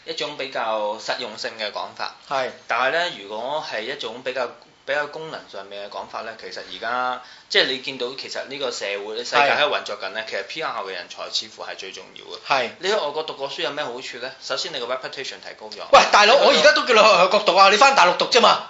一種比較實用性嘅講法，係。是但係咧，如果係一種比較比較功能上面嘅講法咧，其實而家即係你見到其實呢個社會世界喺度運作緊咧，是其實 P R 嘅人才似乎係最重要嘅。係。是你喺外國讀過書有咩好處咧？首先你個 reputation 提高咗。喂，大佬，這個，我而家都叫你去外國讀啊！你翻大陸讀啫嘛？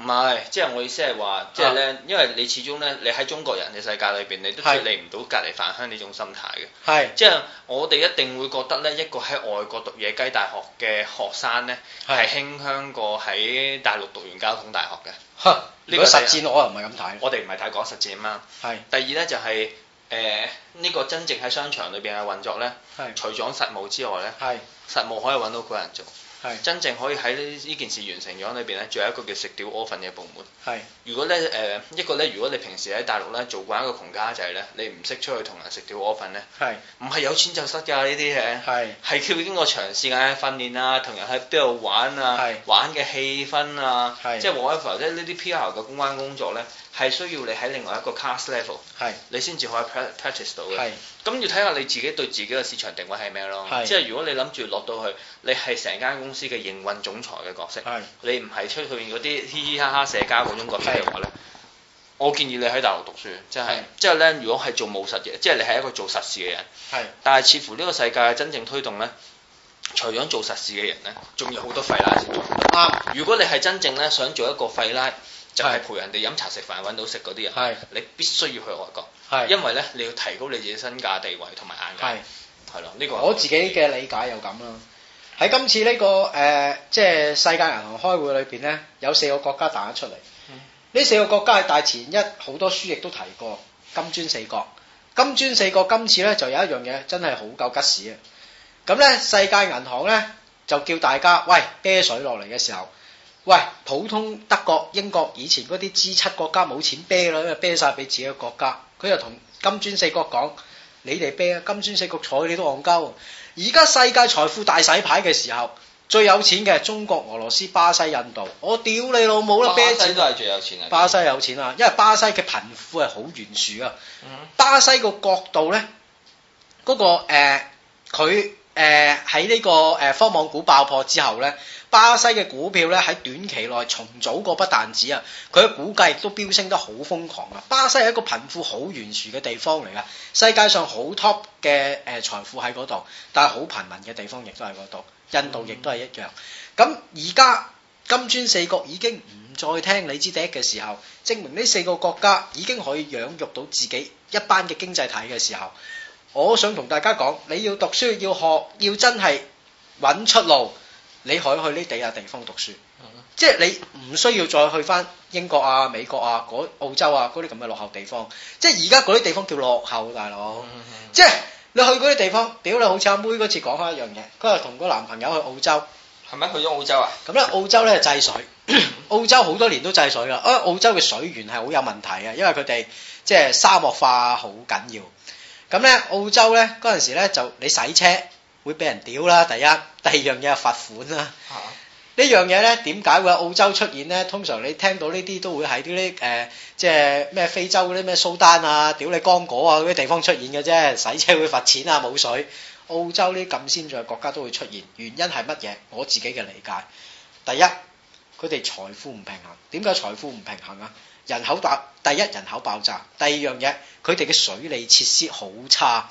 唔係，即係我意思係話，即係咧，因為你始終咧，你喺中國人嘅世界裏邊，你都脫離唔到隔離飯香呢種心態嘅。係是。即係我哋一定會覺得咧，一個喺外國讀野雞大學嘅學生咧，係輕香過喺大陸讀完交通大學嘅。呢個實踐，我又唔係咁睇。我哋唔係太講實踐啊。係是。第二咧就係誒呢個真正喺商場裏邊嘅運作咧，是除咗實務之外咧，是實務可以揾到個人做。係是真正可以喺呢呢件事完成咗裏邊咧，仲有一個叫食掉鵪鶉嘅部門。係是如果咧誒、呃、一個咧，如果你平時喺大陸咧做慣一個窮家仔咧、就是，你唔識出去同人食掉鵪鶉咧，係唔係有錢就得㗎呢啲嘢？係係要經過長時間嘅訓練啊，同人喺邊度玩啊，是玩嘅氣氛啊，是即係 whatever，即係呢啲 PR 嘅公關工作咧。係需要你喺另外一個 class level，係是，你先至可以 practice 到嘅。係是，咁要睇下你自己對自己嘅市場定位係咩咯？是即係如果你諗住落到去，你係成間公司嘅營運總裁嘅角色，是你唔係出去嗰啲嘻嘻哈哈社交嗰種角色嘅話咧，是我建議你喺大陸讀書，即係，是即係咧，如果係做務實嘅，即係你係一個做實事嘅人，係是，但係似乎呢個世界真正推動咧，除咗做實事嘅人咧，仲有好多廢拉先做。啱、啊，如果你係真正咧想做一個廢拉。就係陪人哋飲茶食飯揾到食嗰啲人，是你必須要去外國，是因為咧你要提高你自己身價地位同埋眼界，係咯是？呢、這個我，我自己嘅理解又咁啦。喺今次呢、這個誒、呃，即係世界銀行開會裏邊咧，有四個國家打咗出嚟。呢、嗯、四個國家係大前一好多書亦都提過金磚四國，金磚四國今次咧就有一樣嘢真係好夠吉時啊！咁咧，世界銀行咧就叫大家喂啤水落嚟嘅時候。喂，普通德國、英國以前嗰啲 G7 國家冇錢啤啦，因為啤晒俾自己嘅國家。佢又同金磚四國講：你哋啤啊！金磚四國睬你都戇鳩。而家世界財富大洗牌嘅時候，最有錢嘅係中國、俄羅斯、巴西、印度。我屌你老母啦！巴西都係最有錢、啊、巴西有錢啦、啊，因為巴西嘅貧富係好懸殊啊。嗯、巴西個角度呢，嗰、嗰個佢。呃誒喺呢個誒科網股爆破之後咧，巴西嘅股票咧喺短期內重組過不但止啊！佢嘅股價亦都飆升得好瘋狂啊！巴西係一個貧富好懸殊嘅地方嚟噶，世界上好 top 嘅誒財富喺嗰度，但係好貧民嘅地方亦都喺嗰度。印度亦都係一樣。咁而家金磚四國已經唔再聽你支笛嘅時候，證明呢四個國家已經可以養育到自己一班嘅經濟體嘅時候。我想同大家講，你要讀書要學要真係揾出路，你可以去呢地下地方讀書，mm hmm. 即係你唔需要再去翻英國啊、美國啊、澳洲啊嗰啲咁嘅落後地方。即係而家嗰啲地方叫落後，大佬。Mm hmm. 即係你去嗰啲地方，屌你好似阿妹嗰次講返一樣嘢，佢話同個男朋友去澳洲，係咪去咗澳洲啊？咁咧澳洲咧就制水，澳洲好多年都制水啦。啊，澳洲嘅水源係好有問題嘅，因為佢哋即係沙漠化好緊要。咁咧，澳洲咧嗰陣時咧就你洗車會俾人屌啦，第一，第二樣嘢係罰款啦。啊、呢樣嘢咧點解會喺澳洲出現咧？通常你聽到呢啲都會喺啲啲誒，即係咩非洲嗰啲咩蘇丹啊、屌你剛果啊嗰啲地方出現嘅啫，洗車會罰錢啊，冇水。澳洲呢咁先進嘅國家都會出現，原因係乜嘢？我自己嘅理解，第一，佢哋財富唔平衡。點解財富唔平衡啊？人口爆，第一，人口爆炸，第二樣嘢佢哋嘅水利設施好差。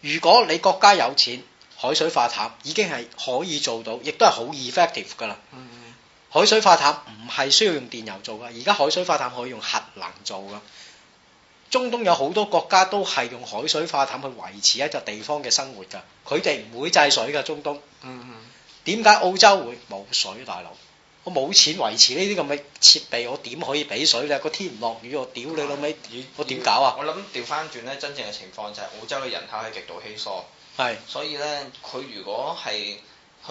如果你國家有錢，海水化淡已經係可以做到，亦都係好 effective 噶啦。海水化淡唔係需要用電油做噶，而家海水化淡可以用核能做㗎。中東有好多國家都係用海水化淡去維持一隻地方嘅生活噶，佢哋唔會制水噶中東點解澳洲會冇水大佬？我冇錢維持呢啲咁嘅設備，我點可以俾水咧？個天唔落雨，我屌你老味，嗯、我點搞啊？我諗調翻轉咧，真正嘅情況就係、係、澳洲嘅人口係極度稀疏，係的，所以咧，佢如果係。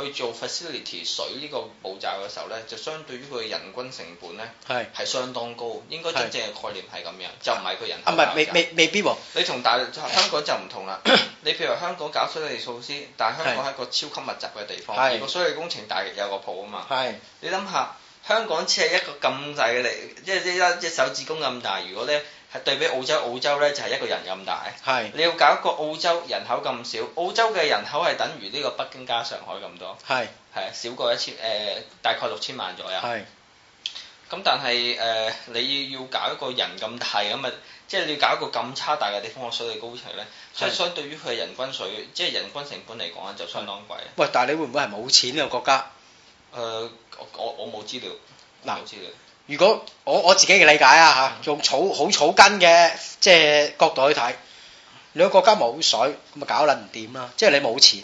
去做 facility 水呢個步驟嘅時候咧，就相對於佢嘅人均成本咧，係係是相當高，應該真正嘅概念係咁樣，是就唔係個人啊，唔係未未未必喎、啊，你同大香港就唔同啦。 你譬如香港搞水利措施，但係香港係一個超級密集嘅地方，個是水利工程大約有個鋪啊嘛。係是，你諗下，香港只係一個咁細嘅地，即係即一隻手指公咁大，如果咧。係對比澳洲，澳洲咧就係一個人咁大。係是，你要搞一個澳洲人口咁少，澳洲嘅人口係等於呢個北京加上海咁多。係係是少過一千，誒、呃、大概六千萬左右。係是。咁但係誒、呃，你要搞一個人咁大咁啊，即、就、係、是、你要搞一個咁差大嘅地方我水利高層咧，相是相對於佢嘅人均水，即係人均成本嚟講就相當貴。喂，但係你會唔會係冇錢嘅國家？誒、呃，我我冇資料。嗱。如果我我自己嘅理解啊嚇，用草好草根嘅即係角度去睇，你個國家冇水咁咪搞捻唔掂啦，即係你冇錢，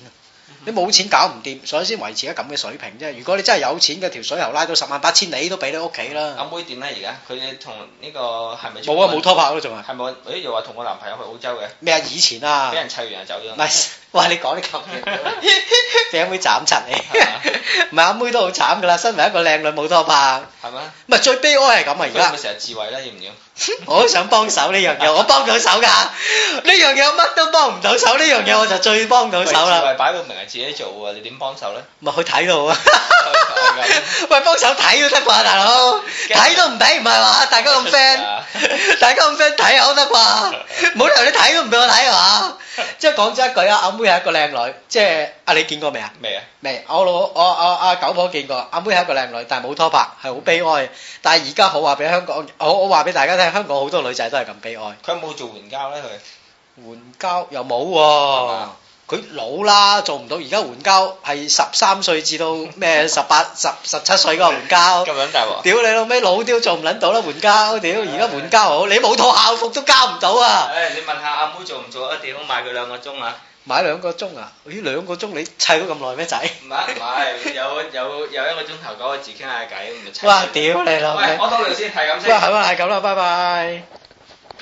你冇錢搞唔掂，所以先維持得咁嘅水平啫。即係。如果你真係有錢嘅，條水喉拉到十萬八千里都俾你屋企啦。阿妹點咧？而家佢同呢個係咪？冇啊，冇拖拍咯，仲係。係咪、這個？哎、啊說欸，又話同我男朋友去澳洲嘅。咩啊？以前啊，俾人砌完就走咗。唔係 哇！你講啲咁嘅，阿妹斬柒你，唔係阿妹都好慘噶啦。身為一個靚女冇多怕，係咪？唔係最悲哀係咁啊！而家咪成日自慰啦，要唔要？我都想幫手呢樣嘢，我幫到手㗎。呢樣嘢我乜都幫唔到手，呢樣嘢我就最幫到手啦。自慰擺到明係自己做啊！你點幫手咧？唔係去睇到啊！喂，幫手睇都得啩，大佬睇都唔睇唔係話，大家咁 friend，大家咁 friend，睇下都得啩？冇理由你睇都唔俾我睇係嘛？ 即係講咗一句啊，阿妹係一個靚女，即係啊，你見過未啊？未啊，未。我老我我阿九婆見過，阿妹係一個靚女，但係冇拖拍，係好悲哀。但係而家好話俾香港，我我話俾大家聽，香港好多女仔都係咁悲哀。佢有冇做援交呢？佢援交又冇喎、啊。佢老啦，做唔到。而家援交係十三歲至到咩 十八十十七歲個援交。咁樣大屌你老咩？老刁做唔撚到啦，援交，屌而家援交，好！你冇套校服都交唔到啊！誒，hey, 你問下阿妹做唔做啊？屌，買佢兩個鐘啊！買兩個鐘啊？咦、哎，兩個鐘你砌到咁耐咩仔？唔係唔係，有有有一個鐘頭九個字傾下偈，咁就。哇！屌你老。啦喂，是我當你先，係咁先。係啦係咁啦，拜拜。